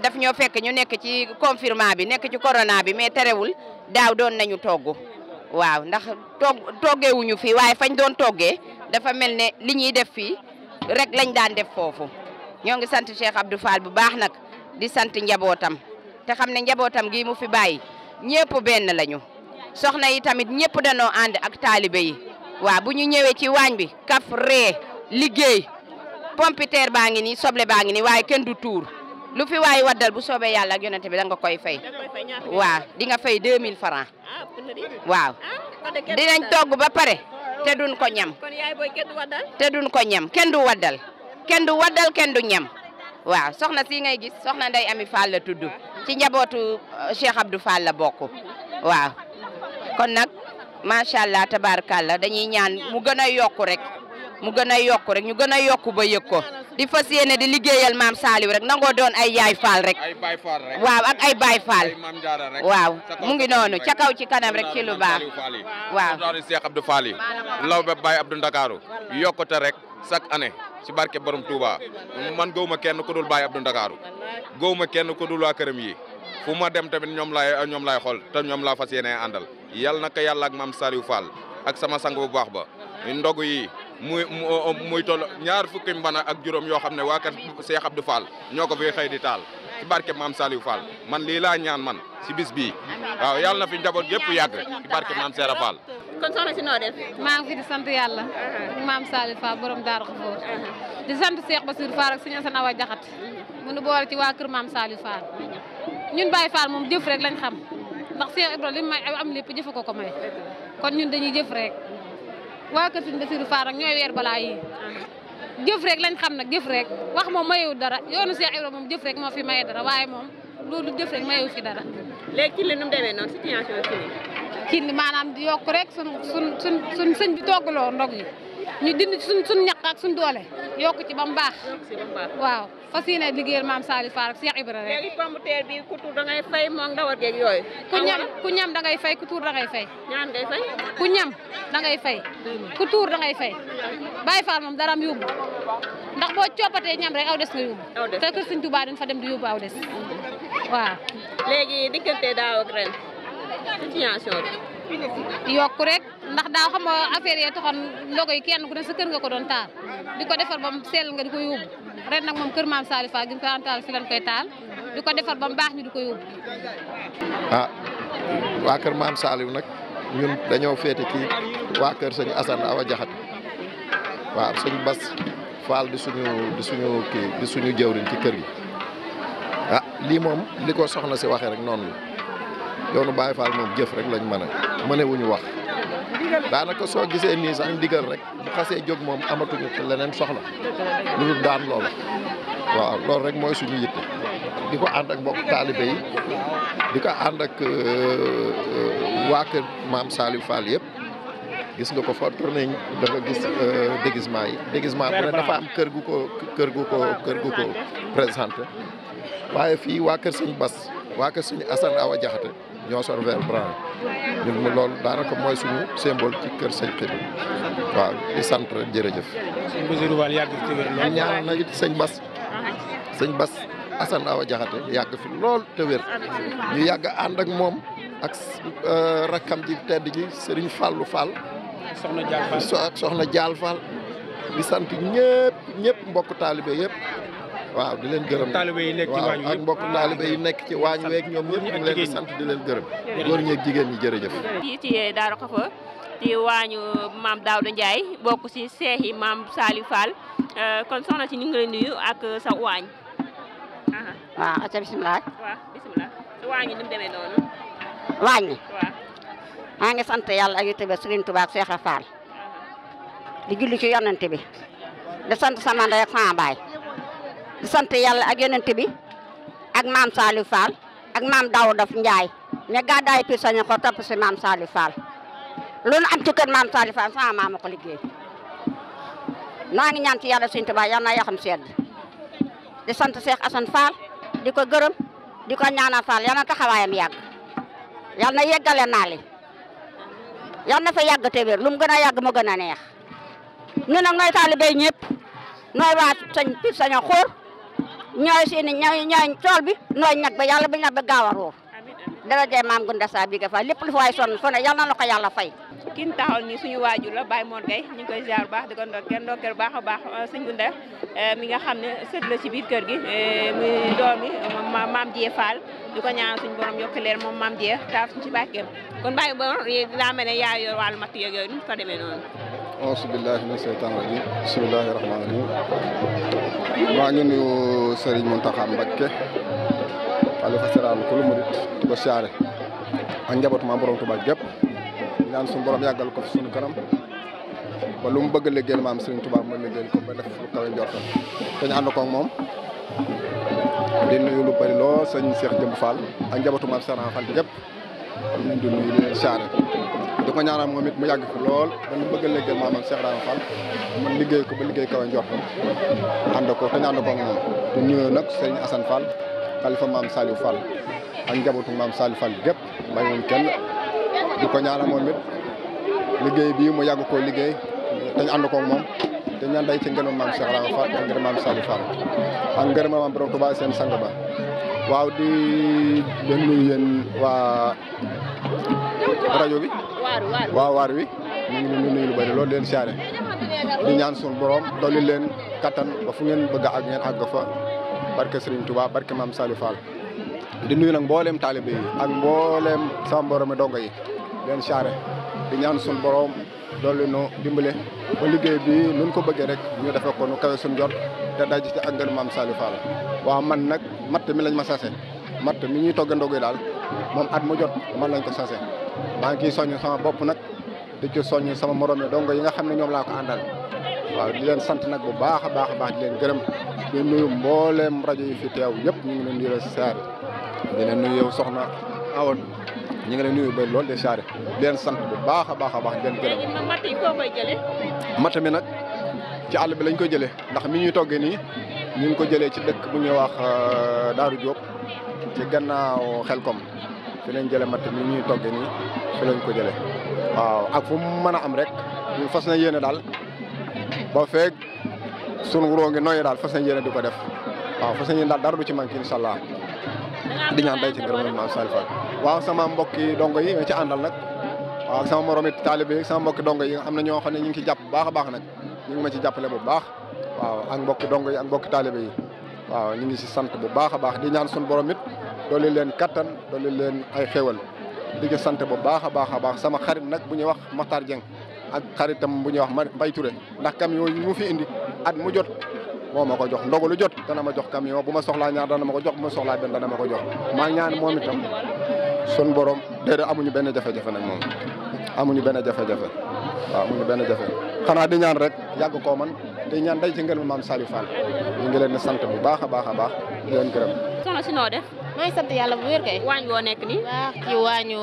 daf ñoo fekk ñu nekk ci confinement bi nekk ci corona bi mais terewul daaw doon nañu togg waaw ndax toog fi waaye fañ doon toggee dafa mel ne li ñuy def fii rek lañ daan def foofu ñoo ngi sant Cheikh Abdou bu baax nag di sant njabootam te xam ne njabootam gi mu fi bàyyi ñëpp benn lañu soxna yi tamit ñëpp danoo ànd ak taalibe yi waaw bu ñu ñëwee ci waañ bi kaf ree liggéey pompiteer baa ngi nii soble baa ngi ni waaye kenn du tuur lu fi waaye waddal bu soobee yàlla ak yonente bi danga nga koy fay waa dinga nga fay 2000 francs ah, waaw ah, dinañ togg ba pare te duñ ko ñam te ko ñam kenn du waddal kenn du waddal kenn du ñam waaw soxna si ngay gis soxna Ndey Ami Fall la tudd ci njabootu euh, Cheikh Abdou Fall la bokk waaw kon nag macha allah tabaarkalla dañuy ñaan mu gën a yokku rek mu gën a yokk rek ñu gën a yokk ba yëg ko di fas yéene di liggéeyal maam Saliou rek nangoo doon ay yaay faal rek waaw ak ay baay faal waaw mu ngi noonu ca kaw ci kanam rek ci lu baax waaw doori Cheikh Abdou Fall yi law ba Baye Abdou Ndakaaru yokkute rek chaque année ci barke borom Touba man gëwuma kenn ku dul Baye Abdou Ndakaaru gëwuma kenn ku dul waa këram yi fu ma dem tamit ñoom laay ñoom laay xool te ñoom laa fas yéene àndal yal na ko yàlla ak maam Saliou Fall ak sama sang bu ba muy muy toll ñaar fukki mbana ak juróom yoo xam ne waa kër Cheikh Abdou ñoo ko fiy xëy di taal ci barke maam Saliou Fall man lii laa ñaan man si bis bii waaw yàlla na fi njaboot yëpp yàgg ci barke maam Serap Fall. kon soxna si fi di sant yàlla. Uh-huh. maam Saliou Fall borom Darou Khafour. Uh-huh. di sant Cheikh Bassirou Fall ak suñu Assane Awa Diakhat. Uh-huh. mu nu boole ci waa kër maam Saliou Fall. ñun Baye Fall moom jëf rek lañ xam ndax Cheikh Ibrahima li may am lépp jëf ko ko may kon ñun dañuy jëf rek. waa kër suñu Basiru Faal ak ñooy weer balaa yi jëf rek lañ xam na jëf rek wax moom mayewu dara yoonu Cheikh Ibrahima moom jëf rek moo fi maye dara waaye moom loolu jëf rek mayewu fi dara. léegi ci li nu mu demee noonu situation ci li. ci li maanaam di yokku rek sun sun sun suñ sëñ bi toggaloo ndog yi. ñu dind suñ suñ ñaq ak suñ doole yokku ci ba mu baax waaw fa yéene liggéeyal maam Saliou Fall ak Cheikh Ibra rek bi ku tuur da ngay fay moom ndawal geeg yooyu ku ñam ku ñam da ngay fay ku tuur da ngay fay ñaan ngay fay ku ñam da fay ku tuur da fay Baye Fall moom daraam yóbbu ndax boo coppatee ñam rek aw des nga yóbbu te kër Sëñ Tuubaa dañ fa dem di yóbbu aw des waaw léegi diggante daaw ak ren bi yokku rek ndax daaw xam affaire yi taxoon logo yi kenn ku ne sa kër nga ko doon taal di ko defar ba mu sell nga di ko yóbbu ren nag moom kër maam Salif Fall di ah, nag dañoo féete kii kër sëñ Assane Awa Jaxate Bas di suñu di ci kër gi ah lii moom li ko soxna si waxee rek noonu la. yoonu Baye Fall moom jëf rek lañ mën a ñu wax daanaka soo gisee nii sax rek bu xasee jóg moom amatuñu leneen soxla lu dul daan loolu waaw loolu rek mooy suñu yitte di ko ànd ak mbokk taalibe yi di ko ànd ak euh, waa kër maam Saliou Fall yëpp gis nga ko fa tourné da nga gis euh, déguisement yi déguisement bu dafa am kër gu ko kër gu ko kër gu ko présenté waaye fii waa kër suñu Bas waa kër suñu Assane Awa Jaxate ñoo sor vertébrale ñun loolu daanaka mooy suñu symbole ci kër sëñ Xidi waaw di sant rek jërëjëf. sëñ Basiru Wàll yàgg Bas sëñ Bas Assane Awa Jaxate yàgg fi lool te wér ñu yàgg ànd ak moom ak euh, rakkam ji tedd ji Serigne Fallou Fall. soxna Dial Fall soxna Dial Fall di sant ñëpp ñëpp mbokk taalibe yëpp. waaw di leen gërëm waaw ak mbokk taalibe yi nekk ci waañ week ñoom ñëpp ñu leen sant di leen gërëm góor ñeeg jigéen ñi jërëjëf fii ci Daaru Xafa ci waañu maam Daawda Njaay bokk ci seex yi maam Saliou Fall euh, kon soxna si ñu ngi leen nuyu ak sa waañ ah, waaw aca bisimilah waaw bisimilah sa noonu waañ ni maa ngi sant yàlla ak yite ba Sëriñ Tuubaa ak Seex Faal di julli ci yonent bi di sant sama ndey ak sama di sant yàlla ak yonent bi ak maam Saliou Fall ak maam Daouda Ndiaye mais gàddaay pi sañu ko topp si maam Saliou Fall lu nu am ci kër maam Saliou Fall sama maam ko liggéey naa ngi ñaan ci yàlla Sëñ Tuubaa yal na yaxam sedd di sant Cheikh asan Fall di ko gërëm di ko ñaanal Fall yal na taxawaayam yàgg yal na yeggale naa li na fa yàgg te lu mu gën a yàgg mu gën a neex ñu nag nooy taalibe ñëpp nooy waa sañ pir saño xóor ñooy si ne ñooy ñooy tool bi nooy ñag ba yàlla ba ñag ba gaaw a dara jaay maam Gunda Saa bi nga fa lépp lu fa waay sonn sonn yàlla na ko yàlla fay. ki ñu taxawal suñu waajur la Baye Mor ñu koy ziar bu baax di ko ndokkeel ndokkeel baax a baax euh, sëñ Gunda euh, mi nga xam ne sët la ci biir kër gi euh, muy doomi maam Dieye Fall di ko ñaan suñ borom yokk moom maam Dieye taaf suñu ci kon Baye Mor dinaa mel ne yaa yor wàllu matt yeeg yooyu nu fa demee noonu. auzu billaahi mina seytaani rajiim bismillaahi rahmaani rahiim xalifa général ku lu murit di ko siyaare ak njaboot ko suñu kanam lu mu bëgg liggéeyal maam Serigne Touba ma liggéeyal ko ba def lu kawe lu loo sëñ Cheikh Jëmb Fall ak njabootu maam Serigne Fall ko ñaanal moom mu yàgg fi lool bëgg liggéeyal liggéey ko ba liggéey kawe njortam ànd ko te ñu ànd koog moom di nuyu nag xalifa maam Saliou Fall ak njabootu maam Saliou Fall gépp bàyyiwuñ kenn di ko moom it liggéey bii mu yàgg koo liggéey te ñu ànd koog moom te ñaan day ci ngërëm maam Cheikh Rahma Fall maam Saliou Fall seen sang ba waaw di den nuyu yéen waa rajo bi waaw waar wi ngi leen di nuyu lu bëri loolu leen siyaare di ñaan suñu borom dolli leen kattan ba fu ngeen bëgg a ngeen àgg fa barke Serigne Touba barke maam Saliou Fall di nuyu nag mbooleem taalibe yi ak mbooleem sama mboromi dongo yi leen saare di ñaan suñu borom dolli nu dimbale ba liggéey bi nun ko bëggee rek ñu defe ko nu kawe suñu jot te daj ci ak ngeen maam Saliou Fall waaw man nag matt mi lañ ma sase matt mi ñuy togg ndogu daal moom at mu jot man lañ ko sase maa ngi ciy soññ sama bopp nag di ci soññ sama morom yi dongo yi nga xam ne ñoom laa ko àndal waaw di leen sant nag bu baax a baax a baax di leen gërëm di nuyu mbooleem rajo yi fi teew ñëpp ñu ngi leen di la saare di leen nuyu yow soxna awoon ñu ngi leen nuyu ba lool de saare di sant bu baax a baax a baax di gërëm matt yi mi nag ci àll bi lañ ko jëlee ndax mi ñuy toggee nii ñu ko jëlee ci dëkk bu ñuy wax euh, Daaru Diop ci gannaaw Xelkom fi lañ jëlee matt mi ñuy toggee nii fi lañ ko jëlee waaw ak fu mu mën a am rek ñu fas na yéene daal boo feeg sunu wuroo ngi nooyee daal fas yéene di ko def waaw fas yéene daal dara du ci manqué incha allah di ñaan day ci ngërëm maam Salif waaw sama mbokki dongo yi nga ci àndal nag waaw sama morom it taalibe yi sama mbokki dongo yi nga xam ne ñoo xam ne ñu ngi ci jàpp baax a baax nag ñu ma ci jàppale bu baax waaw ak mbokki dongo yi ak mbokki taalibe yi waaw ñu ngi si sant bu baax a baax di ñaan sunu borom it dolli leen kattan dolli leen ay xéwal di ci sant bu baax a baax a baax sama xarit nag bu ñuy wax Makhtar Dieng ak xaritam bu ñuy wax Mbaye Touré ndax camion yi fi indi at mu jot moo ma ko jox ndogalu jot dana ma jox camion bu ma soxlaa ñaar dana ma ko jox bu ma soxlaa benn dana ma ko jox maa ñaan moom itam sun borom déedéet amuñu benn jafe-jafe nag moom amuñu benn jafe-jafe benn jafe xanaa di ñaan rek yàgg koo man te ñaan day ci ma maam Saliou Fall ñu ngi leen di sant bu baax a baax a baax di leen a soxna si noo sant yàlla bu wér kay. waañ woo nekk nii. ci waañu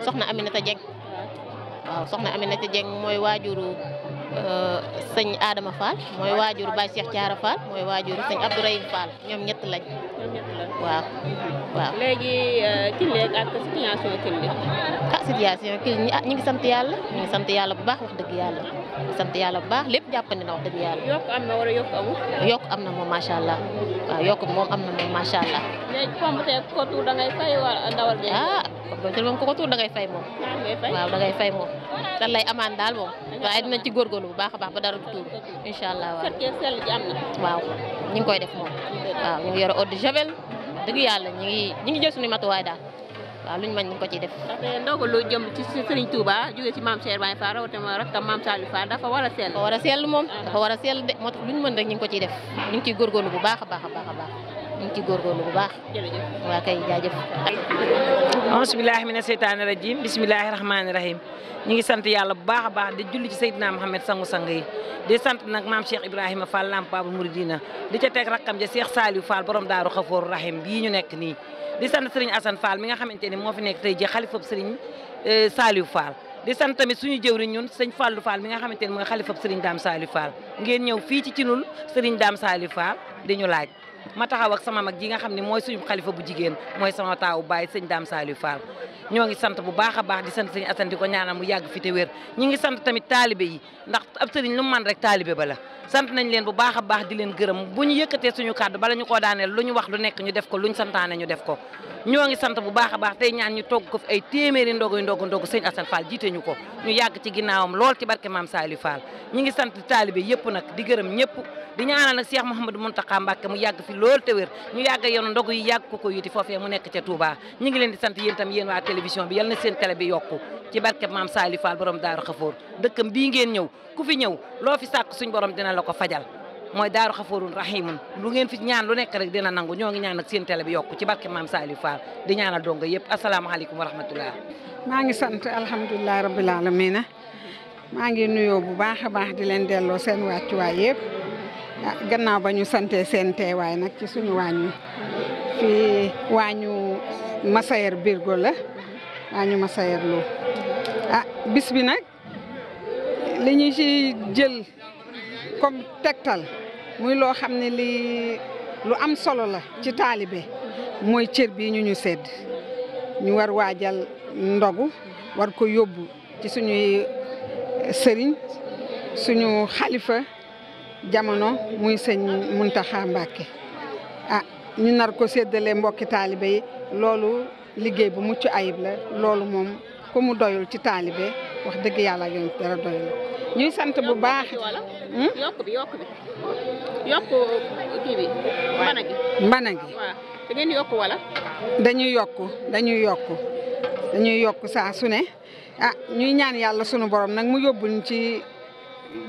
soxna Aminata Dieng. waaw soxna Aminata Dieng mooy waajuru euh, sëñ Adama Fall mooy waajuru Baye Cheikh Thiara Fall mooy waajuru sëñ Abdourahim Fall ñoom ñett lañ. ñoom ñett lañ waaw. léegi ci euh, léegi ak situation kil ñi ah, ah, ñu ngi sant yàlla ñu ngi sant yàlla bu baax wax dëgg yàlla sant yàlla bu baax lépp jàppandi na wax dëgg yàlla. yokk am na yokk am na moom macha allah waaw yokk moom am na moom macha allah. wax doo jël moom da ngay fay moom ah, waaw da ngay fay moom dan lay amaan daal moom waaye dinañ ci góorgóorlu bu baax a baax ba dara du tuur incha allah waaw ñu ngi koy def moom ñu ngi yore eau de javel dëgg yàlla ñu ngi ñu ngi jël matuwaay daal waaw luñ mañ ñu ko ciy def. ndaxte ndogu jëm ci Serigne Touba jóge ci maam Cheikh Ibrahima Fall rawatina rakkam maam Saliou Fall dafa war a sell. a sell moom dafa war a sell ah. moo tax luñ mën ñu ngi ko ciy def ñu ngi ciy góorgóorlu bu baax a baax a baax a baax. ñu ngi ci góorgóorlu bu baax. jërëjëf waa kay jaajëf. auzu billaahi mina seytaani rajiim bismillaahi rahmaani rahiim ñu ngi sant yàlla bu baax a baax di julli ci Seydina Mohamed sangu sang yi di sant nag maam Cheikh Ibrahima Fall Lamp Baabul Muridina di ca teg rakkam ja Cheikh Saliou Fall borom daaru Xafoor Rahim bii ñu nekk nii. di sant Serigne Assane Fall mi nga xamante ni moo fi nekk tey ji xalifab Serigne eh, Saliou faal di sant tamit suñu jëwriñ ñun sëñ Fallou Fall nga xamante ni mooy xalifab Serigne Dame Saliou Fall ñëw fii ci cinul Serigne Dame Saliou Fall di ñu laaj. ma taxaw sama mag ji nga xam ne mooy suñu xalifa bu jigéen mooy sama taawu baay sëñ daam Saliou Fall ñoo ngi sant bu baax a baax di sant sëñ Assane ko ñaanal mu yàgg fi te wér ñu ngi sant tamit taalibe yi ndax ab sëriñ lu man rek taalibe ba la sant nañ leen bu baax a baax di leen gërëm bu ñu yëkkatee suñu kàddu bala ñu koo daaneel lu ñu wax lu nekk ñu def ko lu ñu santaane ñu def ko ñoo ngi sant bu baax a baax tey ñaan ñu togg ko fi ay téeméeri ndogu ndogu ndogu sëñ Assane Fall jiite ñu ko ñu yàgg ci ginnaawam lool ci barke maam Saliou Fall ñi ngi sant taalibe yëpp nag di gërëm ñëpp di ñaanal nag Cheikh Mouhamadou Mountakha Mbacké mu yàgg fi lool te wer ñu yàgg yoonu ndogu yi yàgg ko ko yiti foofee mu nekk ca Touba ñi ngi leen di sant yéen tam yéen waa télévision bi yal na seen télé bi yokku ci barke maam Saliou Fall borom Daaru Xafoor dëkkam bii ngeen ñëw ku fi ñëw loo fi sàkk suñ borom dina la ko fajal mooy daaru xafoorun rahimun du ngeen fi ñaan lu nekk rek a nangu ñoo ngi ñaan ak seen télé bi yokku ci barke maam Saliou Fall di ñaanal donga yëpp asalaamaaleykum wa rahmatullah maa ngi sant alhamdulilah rabbil alamina maa ngi nuyoo bu baax a baax di leen delloo seen wàccuwaay yëpp ah, gannaaw ba ñu sante seen teewaay nag ci suñu waañu fii waañu Massayer Birgo la waañu Massayer Lo ah bis bi nag ci jël comme tegtal muy loo xam ne lii lu am solo la ci taalibe mooy cër bii ñu ñu sedd ñu war waajal ndogu war ko yóbbu ci suñuy sëriñ suñu xalifa jamono muy sëñ munta Mbàkke a ah, ñu nar ko séddale mbokki taalibe yi loolu liggéey bu mucc ayib la loolu moom ku mu doyul ci taalibe wax dëgg yàlla ak yoon ñuy sant bu baax. yokk bi gi. yokk wala. dañuy yokk dañuy yokk dañuy yokk saa sune ne ah ñuy ñaan yàlla sunu borom nag mu yóbbuñ ci.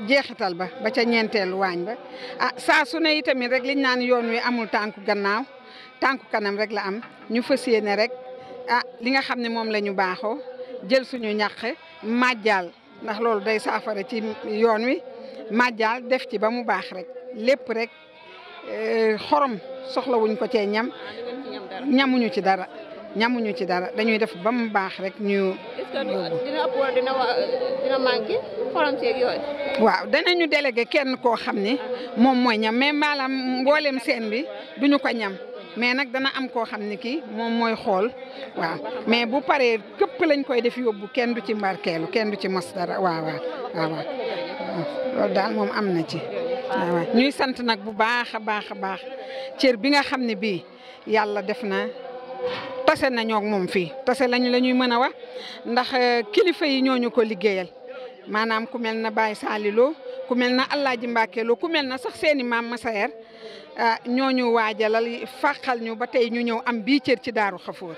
jeexital ba ba ca ñeenteelu waañ ba ah saa sune ne itamit rek liñ naan yoon wi amul tànku gannaaw tànku kanam rek la am ñu fas yéene rekk ah li nga xam ne moom la ñu baaxoo jël suñu ñàq màjjaal ndax loolu day saafara ci yoon wi màjjaal def ci ba mu baax rek lépp rek eh, xorom soxlawuñ ko cee ñam ñamuñu ci dara ñamuñu ci dara dañuy def ba mu baax rek ñu. est-ce que dina dina danañu délégué kenn koo xam ni moom mooy ñam mais maanaam mboolem seen bi duñu ko ñam. mais nag dana am koo xam ne kii moom mooy xool waaw mais bu paree këpp lañ koy def yóbbu kenn du ci mbarkeelu kenn du ci mos dara waaw daal moom am na ci. ñuy sant nag bu baax a baax a baax cër bi nga xam ne bii yàlla def na tase na ñoo moom fii tase lañu la ñuy mën a wax ndax euh, kilifa yi ñooñu ko liggéeyal maanaam ku mel na Baye Salilou ku mel na Alaaji Mbàkke Lo ku mel na sax seeni maam Masayer Ah, ñoo ñu waajalal faqal ñu ba tey ñu ñëw am bii cër ci daaru xafoor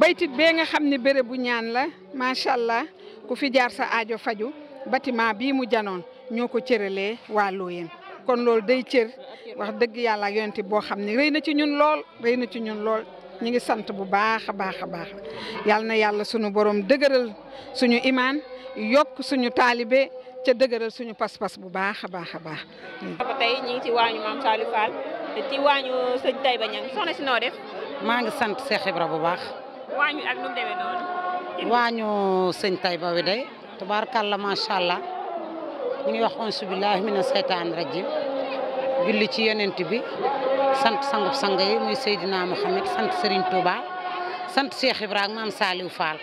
baytit bee nga xam ne béré bu ñaan la macha allah ku fi jaar sa ajo faju bâtiment bii mu janoon ñoo ko cëre cëralee waa Looyeen kon loolu day cër wax dëgg yàlla ak yonent boo xam ne rëy na ci ñun lool rëy na ci ñun lool ñu ngi sant bu baax a baax a baax yàlla na yàlla sunu borom dëgëral suñu imaan yokk suñu taalibe ca dëgëral suñu pas-pas bu baax a baax a baax. ba tey ñu ngi waañu maam Saliou Fall ci waañu sëñ Taïba Niang soxna si noo maa ngi sant Cheikh Ibra bu baax. waañu ak nu mu demee noonu. waañu sëñ Taïba wi day tubaarkàlla macha allah ñu ngi wax onsu billaahi mina seytaani rajim julli ci yonent bi sant sangu sang yi muy Seydina Mohamed sant Serigne Touba sant Cheikh Ibra ak maam Saliou Fall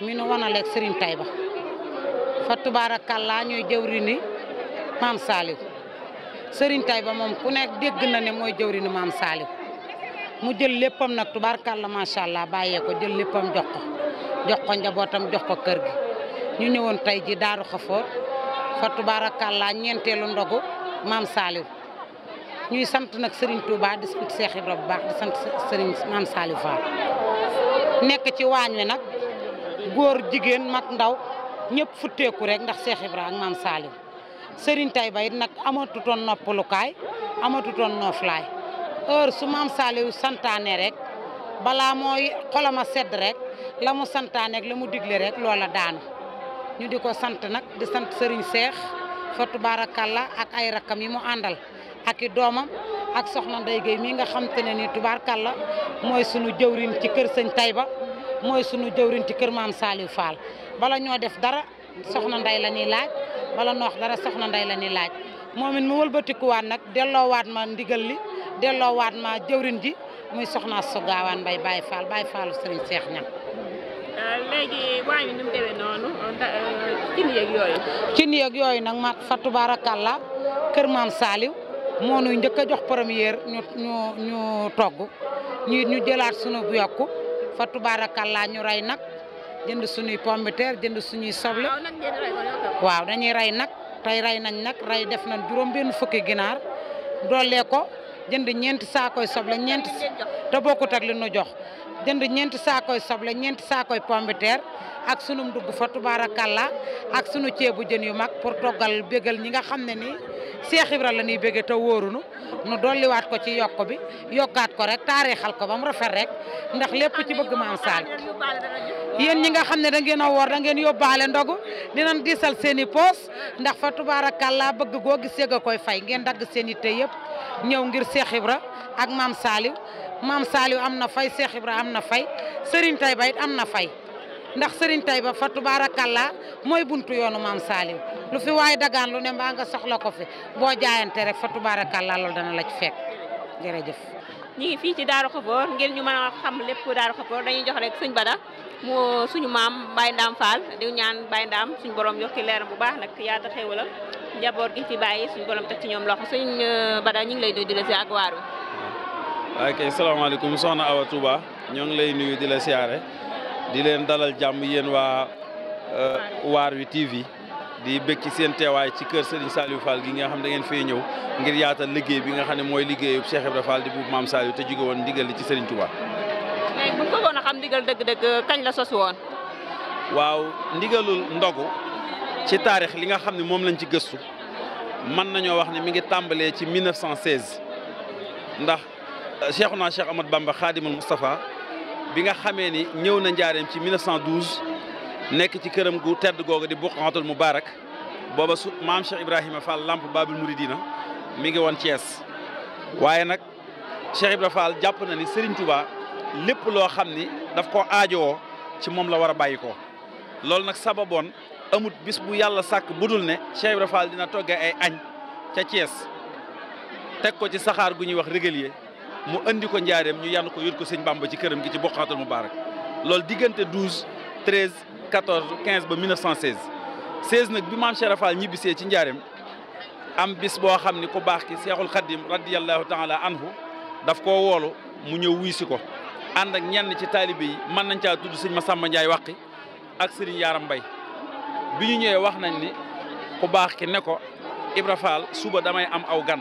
mi nu wanaleeg Serigne Taïba. fa tubaarakàllaa ñooy jëwrini maam Saliou Serigne Taïba moom ku nekk dégg na ne mooy jëwrini maam Saliou mu jël léppam nag tubaarakàlla macha allah bàyyee ko jël léppam jox ko jox ko njabootam jox ko kër gi. ñu ñëwoon tey ji Daaru Xafoor fa tubaarakàllaa ñeenteelu ndogu maam Saliou ñuy sant nag sëriñ Touba di sant Cheikh bu baax di sant Serigne maam Saliou Fall nekk ci waañ wi nag góor jigéen mag ndaw. ñëpp futteeku rek ndax Cheikh Ibra ak maam Salim Serigne Taïba it nag amatutoon noppalukaay amatutoon nooflaay heure su maam Salim santaane rekk balaa mooy xolama sedd rek la mu santaane ak la mu digle rek loola daanu ñu di ko sant nag di sant Serigne Cheikh Fatou Barakalla ak ay rakkam yi mu àndal ak i doomam ak soxna Ndeye Gueye mii nga xam te ne nii tubaarkalla mooy sunu jëwriñ ci kër sëñ tay ba mooy sunu jëwriñ ci kër maam Saliou Fall bala ñoo def dara soxna ndey la laaj bala noox dara soxna ndey la laaj moom it mu wëlbatikuwaat nag delloowaat ma ndigal li delloowaat ma jëwriñ ji muy soxna su gaawaan mbay Baye Fall Baye Fallu Serigne Cheikh ñam ah, léegi waa ñu ni noonu euh, cin yeeg yooyu. cin yeeg yooyu nag mat fa tubaarakàlla kër maam Saliou moo nuy njëkk a jox première ñu ñu togg ñu ñu jëlaat sunu yokku. fa tubaarakàllaa ñu rey nag jënd suñuy pombiteer jënd suñuy soble waaw dañuy rey nag tey rey nañ nag rey def nañ juróom benn fukki ginaar doolee ko jënd ñeenti saakoy soble ñeenti te bokkut ak li nu jox jënd ñeenti saakoy soble ñeenti saakoy pombiteer ak sunu ndugg fa tubaarakàlla ak sunu ceebu jën yu mag pour toggal bëggal ñi nga xam ne nii Cheikh Ibra la ñuy bége te wóorunu nu dolliwaat ko ci yokk bi yokkaat ko rek taarixal ko ba mu rafet rek ndax lépp ci bëgg maam Sall yéen ñi nga xam ne da ngeen a woor da ngeen yóbbaale ndogu dinañ diisal seen i poos ndax fa tubaarakàlla bëgg goo gisee nga koy fay ngeen dagg seeni tey te yëpp ñëw ngir Cheikh Ibra ak maam Saliou maam Saliou am na fay Cheikh am na fay Serigne tay it am na fay ndax sëriñ Serigne Taïba fa tubaarakalla mooy buntu yoonu maam Saliou lu fi waaye dagaan lu ne mbaa nga soxla ko fi boo jaayante rek fa tubaarakalla loolu dana la ci fekk jërëjëf. ñu ngi fii ci Darou Khafor ngir ñu mën a xam lépp Darou Khafor dañuy jox rek sëñ Bada mu suñu maam Baye ndaam Fall di ñaan Baye Ndam suñu borom yokki leeram bu baax nag yaata xéwala njaboot gi fi bàyyi suñ borom teg ci ñoom loxo sëñ euh, Bada ñu ngi lay nuyu di si ak waar ok salaamaaleykum soxna Awa awatuba ñoo ngi lay nuyu di la siyaare di leen dalal jàmm yéen waa euh, waar wi TV di bëgg ci seen teewaay ci kër Serigne Saliou Fall gi nga xam da ngeen fee ñëw ngir yaatal liggéey bi nga xam ne mooy liggéeyu Cheikh Ibrahima Fall di buub maam Saliou te jóge woon ndigal li ci Serigne Touba. léegi nga ñu bëggoon a xam ndigal dëgg kañ la sos woon. waaw ndigalul ndogu ci taarix li nga xam ne moom lañ ci gëstu mën nañoo wax ne mi ngi tàmbalee ci 1916 ndax. Cheikhuna Cheikh Ahmad Bamba Khadimul Moustapha bi nga xamee ni ñëw na njaareem ci 1912 nekk ci këram gu tedd googu di Buqatul Mubarak booba su maam Cheikh Ibrahima Fall lamp Babul Mouridina mi ngi woon Thiès waaye nag Cheikh Ibrahima Fall jàpp na ni Serigne Touba lépp loo xam ni daf ko aajowoo ci moom la war a bàyyi ko loolu nag sababoon amut bis bu yàlla sàkk bu dul ne Cheikh Ibrahima Fall dina toggee ay añ ca Thiès teg ko ci saxaar gu ñuy wax régalier mu andi ko njaareem ñu yann ko yót ko sëñ Bamba ci këram gi ci Bokhatul Moubarak loolu diggante 12 13 14 15 ba 1916 16 nag bi maam Cheikh Rafal ñibbisee ci njaareem am bis boo xam ni ku baax ki Seexul Xaddim radiyallahu taala anhu daf koo woolu mu ñëw wuy si ko ànd ak ñenn ci taalibe yi mën nañ caa tudd sëñ Massamba Ndiaye waqi ak sëriñ Yaaram Mbay bi ñu ñëwee wax nañ ni ku baax ki ne ko Ibra suba damay am aw gan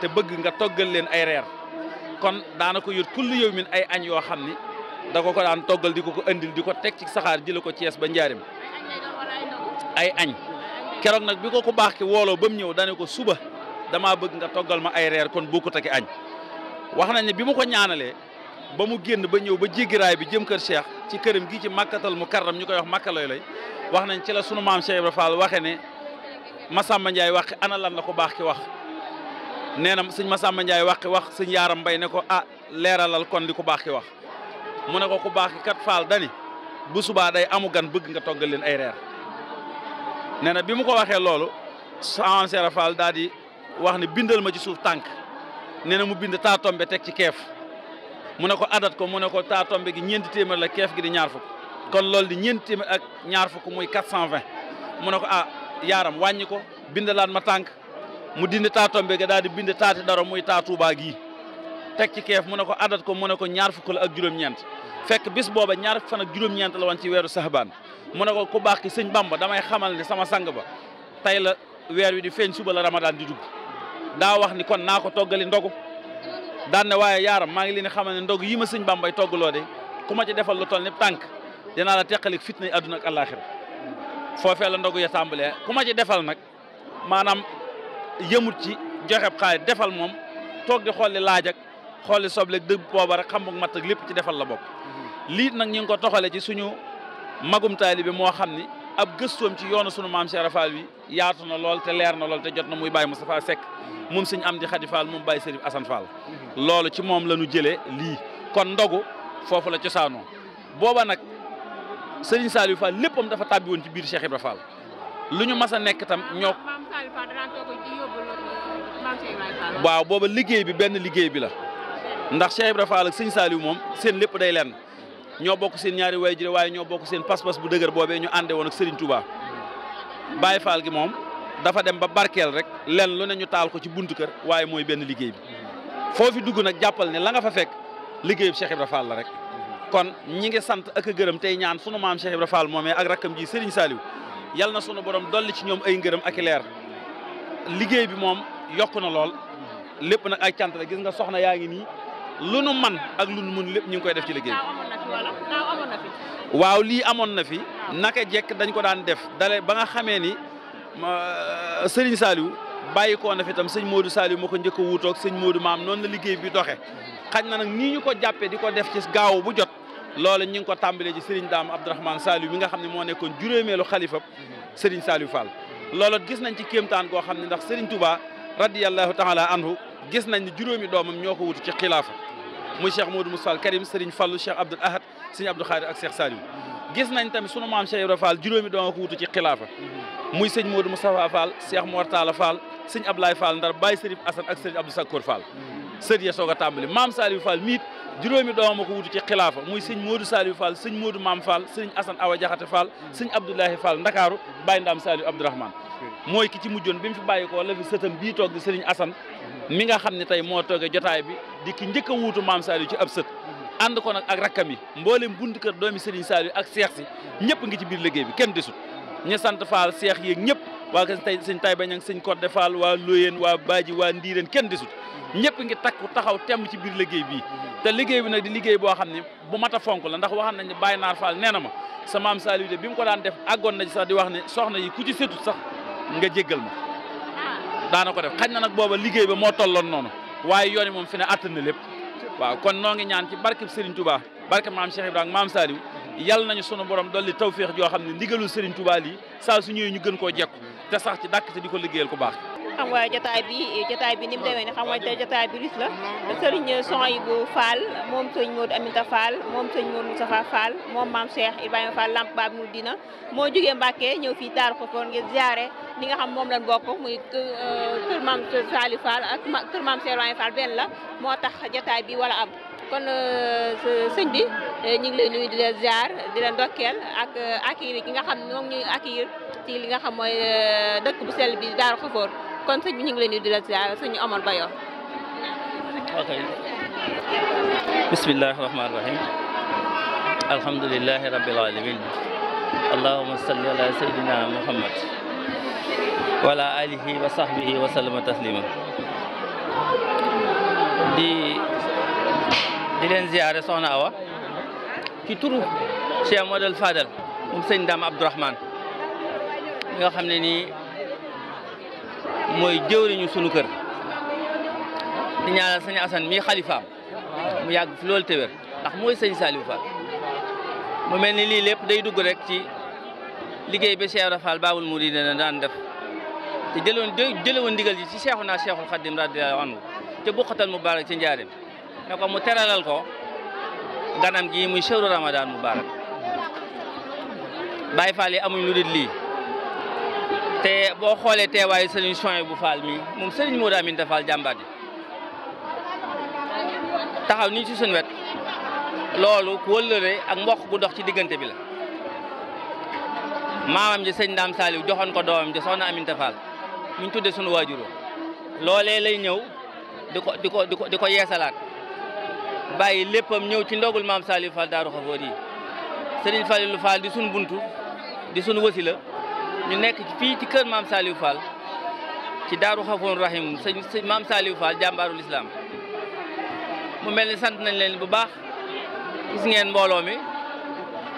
te bëgg nga toggal leen ay reer kon daanako yor kullu yow min ay añ yoo xam ne da ko ko daan toggal di ko ko andil di ko teg ci saxaar jële ko Cees ba njaarim ay añ keroog nag bi ko ku baax ki wooloo ba mu ñëw dane ko suba damaa bëgg nga toggal ma ay reer kon bokkut ak añ wax nañ ne bi mu ko ñaanalee ba mu génn ba ñëw ba jéggi bi jëm kër Cheikh ci këram gi ci makkatal mu karram ñu koy wax makka loy lay wax nañ ci la sunu maam Cheikh Ibra Fall waxe ne Massamba Ndiaye wax ana lan la ko baax ki wax nee na sëñ Masamba Ndiaye wax wax sëñ Yaaram Mbay ne ko ah leeralal kon li ku baax ki wax mu ne ko ku baax ki kat faal dani bu subaa day amu gan bëgg nga toggal leen ay reer nee na bi mu ko waxee loolu Saman Seera Faal daal di wax ne bindal ma ci suuf tànk nee na mu bind taa tombe teg ci keef mu ne ko adat ko mu ne ko taa tombe gi ñeenti téeméer la keef gi di ñaar fukk kon loolu di ñeenti téeméer ak ñaar fukk muy 420 mu ne ko ah yaaram wàññi ko bindalaat ma tànk mu dindi taa tombe ga daal di bind taati dara muy taa Touba gii teg ci keef mu ne ko adat ko mu ne ko ñaar fukk la ak juróom-ñeent fekk bis booba ñaar fan ak juróom-ñeent la woon ci weeru saxbaan mu ne ko ku baax ki sëñ Bamba damay xamal ne sama sang ba tey la weer wi di feeñ suba la ramadaan di dugg daa wax ni kon naa ko toggali ndogu daan ne waaye yaaram maa ngi leen xamal ne ndog yi ma sëñ Bambay toggaloo de ku ma ci defal lu toll ni tànk dinaa la teqalik fitna yi àdduna ak àllaaxira yëmut ci joxeb xaalis defal moom toog di xool li laaj soble ak dëgg booba rek xam mat ak lépp ci defal la bokk mhm. lii nag ñu ngi ko toxale ci suñu magum taalibe moo xam ni ab gëstoom ci yoonu sunu maam Cheikh Rafal bi yaatu na lool te leer na lool te jot na muy Baye Moustapha Seck mhm. moom sëñ Amdi Khady Fall moom Baye Serif Assane Fall mhm. loolu ci moom la ñu jëlee lii kon ndogu foofu la cosaanoo booba nag Serigne Saliou Fall léppam dafa tàbbi ci biir Cheikh Ibra lu ñu mas nekk tam ñoo waaw booba liggéey bi benn liggéey bi la ndax Cheikh Ibra Fall ak sëñ Saliou moom seen lépp day lenn ñoo bokk seen ñaari waajur waaye ñoo bokk seen pas-pas bu dëgër boobee ñu ànde woon ak Serigne Touba Baye Fall gi moom dafa dem ba barkeel rek lenn lu ne ñu taal ko ci buntu waaye mooy benn liggéey bi foofi dugg nag jàppal ne la nga fa fekk liggéeyub Cheikh Ibra Fall la rek kon ñi ngi sant ak a gërëm tey ñaan sunu maam Cheikh Ibra Fall moomee ak rakkam ji Serigne Saliou yal na sunu borom dolli ci ñoom ay ngërëm ak i liggéey bi moom yokk na lool lépp nag ay cant gis nga soxna yaa ngi nii lu nu man ak lu nu mun lépp ñu ngi koy def ci liggéey waaw lii amoon na fi naka jekk dañ ko daan def dale ba nga xamee ni Serigne Saliou bàyyi koo na fi tam sëñ Modou Saliou moo ko njëkk a wuutoog sëñ Modou maam noonu la liggéey bi doxe xañ na nag nii ñu ko jàppe di ko def ci gaaw bu jot loolu ñu ngi ko tàmbalee ci Serigne Dame Abdourahmane Saliou mi nga xam ne moo nekkoon juróomeelu xalifab Serigne Saliou Fall loolu gis nañ ci kéemtaan goo xam ne ndax Serigne Touba radiyallahu taala anhu gis nañ ne juróomi doomam ñoo ko wutu ci xilaafa muy Cheikh Modou Moustapha Karim Serigne Fallou Cheikh Abdoul Ahad Serigne Abdou Khadir ak Cheikh Saliou gis nañ tamit sunu maam Cheikh Ibra juróomi doomam ko wutu ci xilaafa muy sëñ Modou Moustapha Fall Cheikh Mortala Fall Serigne Ablaye Fall Ndar Baye Serigne Assane ak Serigne Abdou Sakkour Fall sët ya soog a tàmbali maam Saliou Fall miit juróomi doomam ko wutu ci xilaafa muy sëñ Modou Saliou Fall sëñ Modou Maam Fall sëñ Assane Awa Jaxate Fall sëñ Abdoulahi Fall Ndakaaru Baye Ndam Saliou Abdourahmane mooy ki ci mujjoon bi mu fi bàyyi ko la fi sëtam bii toog di sëriñ Assane mi nga xam ne tey moo toogee jotaay bi di ki njëkk a wuutu Maam Saliou ci ab sët ànd ko nag ak rakkam yi mboolem bunt kër doomi sëriñ Saliou ak seex si ñëpp ngi ci biir liggéey bi kenn desut ñi sant Fall seex yeeg ñëpp waa kër sëñ Tayba Ñang sëñ Codé Fall waa Loyeen waa Badji waa Ndiireen kenn desut ñëpp ngi ku taxaw temm ci biir liggéey bii te liggéey bi nag di liggéey boo xam ne bu mat a fonk la ndax waxam nañ ne Baye Naar faal nee na ma sa maam Saliou de bi mu ko daan def àggoon na sax di wax ne soxna yi ku ci sétut sax nga jéggal ma daana ko def xañ na nag booba liggéey ba moo tolloon noonu waaye yoon moom fi ne àttan na lépp waaw kon noo ngi ñaan ci barkeb Serigne Touba barke maam Cheikh Ibrahima maam Saliou yàlla nañu sunu borom dolli tawféex joo xam ne ndigalul Serigne Touba lii saa su ñëwee ñu gën koo jekku te sax ci dàkk te di ko liggéeyal ku baax xam nga jotaay bi jotaay bi ni mu demee ne xam nga te jotaay bi ris la sëriñ Souhaïbou Fall moom sëñ Modou Aminta Fall moom sëñ Modou Moustapha Fall moom maam Cheikh Ibrahima Fall lamp baab mu dina moo jógee Mbàkke ñëw fii Daaru Xafoor ngir ziare li nga xam moom lañ bokk muy euh, kër maam Sali ak kër maam la moo tax jotaay bi wala am kon euh, sëñ bi euh, ñu ngi lay nuyu di leen di leen dokkeel ak accueil ki nga xam moom ñuy li nga xam mooy dëkk bu sell bi Daaru Xafoor kon sëñ bi ñu ngi leen di di la ziyaara sëñ Omar Bayo ok bismillahi rahmaani rahim alhamdulilahi rabbil alamin allahuma salli ala sayyidina muhammad wa ala alihi wa sahbihi wa sallama taslima di di leen ziyaare soxna Awa ci turu Cheikh Modou Fadal moom sëñ Dame Abdourahmane nga xam ne nii mooy jëwriñu sunu kër di ñaanal sëñ Assane mii xalifaam mu yàgg fi loolu téwér ndax mooy sëñ Saliou Fall mu mel ni lii lépp day dugg rek ci liggéey bi Cheikh Ibra mu Baabul Muridiina daan def te jëloon jëlewoon ndigal ji ci Cheikhuna Cheikhul Khadim radiyallahu anhu te buqatal mubaarak ci njaarim ne ko mu teralal ko ganam gi muy shahru ramadan mubaarak Baay Faal yi amuñ lu dul lii te boo xoolee teewaayu sëriñ Soin bu faal mi moom sëriñ Modou Aminta Fall jàmbaar ji taxaw ni ci suñu wet loolu ku wëllëre ak mbokk gu dox ci diggante bi la maamam ji sëñ Ndam Saliou joxoon ko doomam ji soxna Aminta Fall mu ñu tuddee suñu waajuroo loolee lay ñëw di ko di ko di ko di yeesalaat bàyyi léppam ñëw ci ndogul maam Saliou Fall Daaru Xafoor yi sëriñ Falilou Fall di suñu buntu di suñu wasila ñu nekk fii ci kër maam Saliou Fall ci daaru xafoon rahim sëñ sëñ maam Saliou Fall jàmbaarul islaam mu mel ni sant nañ leen bu baax gis ngeen mbooloo mi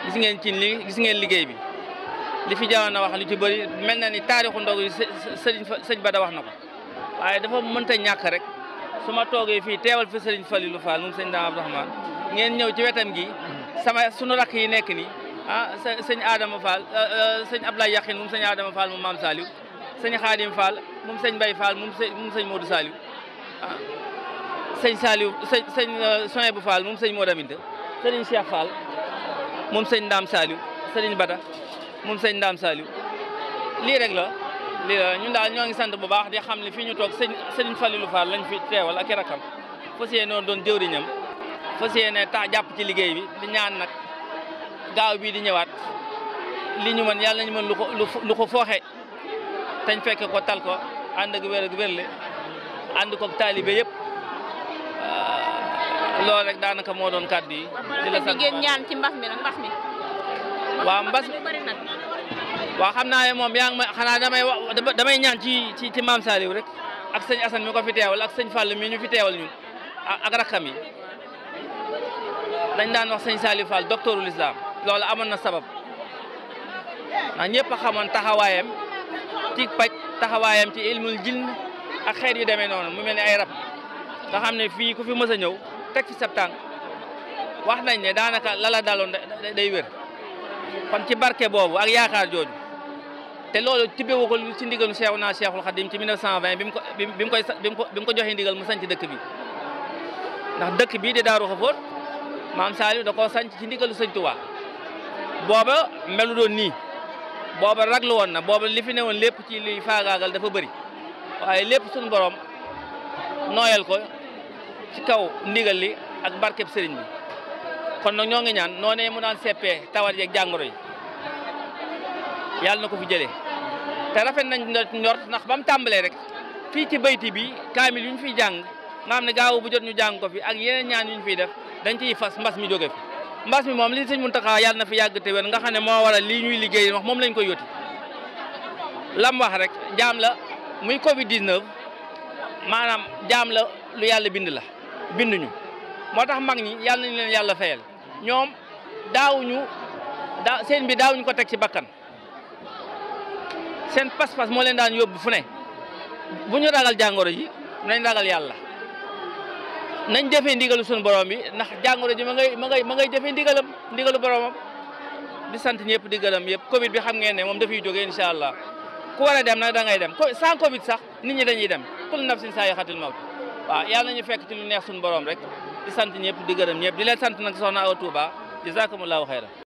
gis ngeen cin li gis ngeen liggéey bi di fi jaroon na wax lu ci bëri mel na ni taarixu ndog yi sëriñ sëñ Bada wax na ko waaye dafa mënta ñàkk rek su ma toogee fii teewal fi sëriñ Falilou Fall moom sëñ Daam Abdourahmane ngeen ñëw ci wetam gi sama sunu rakk yi nekk nii ah sëñ Adama Fall euh, euh, sëñ Ablaye Yakhine moom sëñ Adama Fall moom maam Saliou sëñ Khadim Fall moom sëñ Mbaye Fall moom señ moom sëñ Modou Saliou ah sëñ Saliou sëñ sëñ euh, Sohaibou Fall moom sëñ Modou Aminta sëriñ Cheikh Fall moom sëñ Ndam Saliou sëriñ Bada moom sëñ Ndam Saliou lii rek la ñun daal ñoo ngi sant bu baax di xam ne fii ñu toog sëñ sëriñ Falilou lañ fi teewal ak i rakkam fas yéene noonu doon jëwriñam fas yéene ta jàpp ci liggéey bi di ñaan nag gaaw bii di ñëwaat li ñu mën yàlla nañu mën lu ko lu ko fooxe tañ fekke ko tal ko ànd ak wér ak ànd ko ak yépp yëpp ah, rek daanaka moo doon kàddu yi. di la sant ñaan ci mbas mi nag mbas mi. waaw mbas mi xam naa ne moom yaa ngi ma xanaa damay wax damay ñaan ci ci ci maam Saliou rek ak sëñ Assane mi ko fi teewal ak sëñ Fall mi ñu fi teewal ñun ak rakkam yi dañ daan wax sëñ Saliou Fall docteuru l'islam loolu amoon na sabab ndax ñëpp a xamoon taxawaayam ci paj taxawaayam ci ilmul jinn ak xeet yu demee noon mu mel ni ay rab nga xam ne fii ku fi mës a ñëw teg ci sab tànk wax nañ ne daanaka lala daloon day wér kon ci barke boobu ak yaakaar jooju te loolu tibbewu ko ci ndigalu Cheikh naa Cheikhul Khadim ci 1920 bi mu ko bi mu koy bi mu ko bi mu ko joxee ndigal mu sanc dëkk bi ndax dëkk bii di Daaru Xafoor maam Saliou da koo sanc ci ndigalu Sëñ Tuubaa booba melu doon nii booba raglu woon na booba li fi ne lépp ci liy faagaagal dafa bëri waaye lépp suñu borom nooyal ko ci kaw ndigal li ak barkeb sëriñ bi kon nag ñoo ngi ñaan noone mu naan seppee tawat yeeg jàngoro yi yàlla na ko fi jëlee te rafet nañ ñor ndax ba mu tàmbalee rek fii ci bayti bi kaamil yu ñu fiy jàng nga xam ne bu jot ñu jàng ko fi ak yeneen ñaan yu ñu fiy def dañ ciy fas mbas mi jóge mbaas mi moom li sëñ Muntaxa yàlla na fi yàgg te wér nga xam ne moo waral lii ñuy liggéey wax moom lañ koy yóti lam wax rek jaam la muy Covid 19 maanaam jaam la lu yàlla bind la bind ñu moo tax mag ñi yàlla nañu leen yàlla fayal ñoom daawuñu daaw seen bi daawuñu ko teg ci bakkan seen pas-pas moo leen daan yóbbu fu ne bu ñu ragal jàngoro ji nañ ragal yàlla. nañ jëfee ndigalu suñu borom bi ndax jàngoro ji ma ngay ma ngay ma ngay jëfee ndigalam ndigalu boromam di sant ñëpp di gërëm yëpp Covid bi xam ngeen ne moom dafay jógee incha allah ku war a dem nag da ngay dem sans Covid sax nit ñi dañuy dem kullu nafsin zaa'iqatul mawt waaw na nañu fekk ci lu neex suñu borom rek di sant ñëpp di gërëm ñëpp di leen sant nag soxna Awa Touba jazakumullahu xayran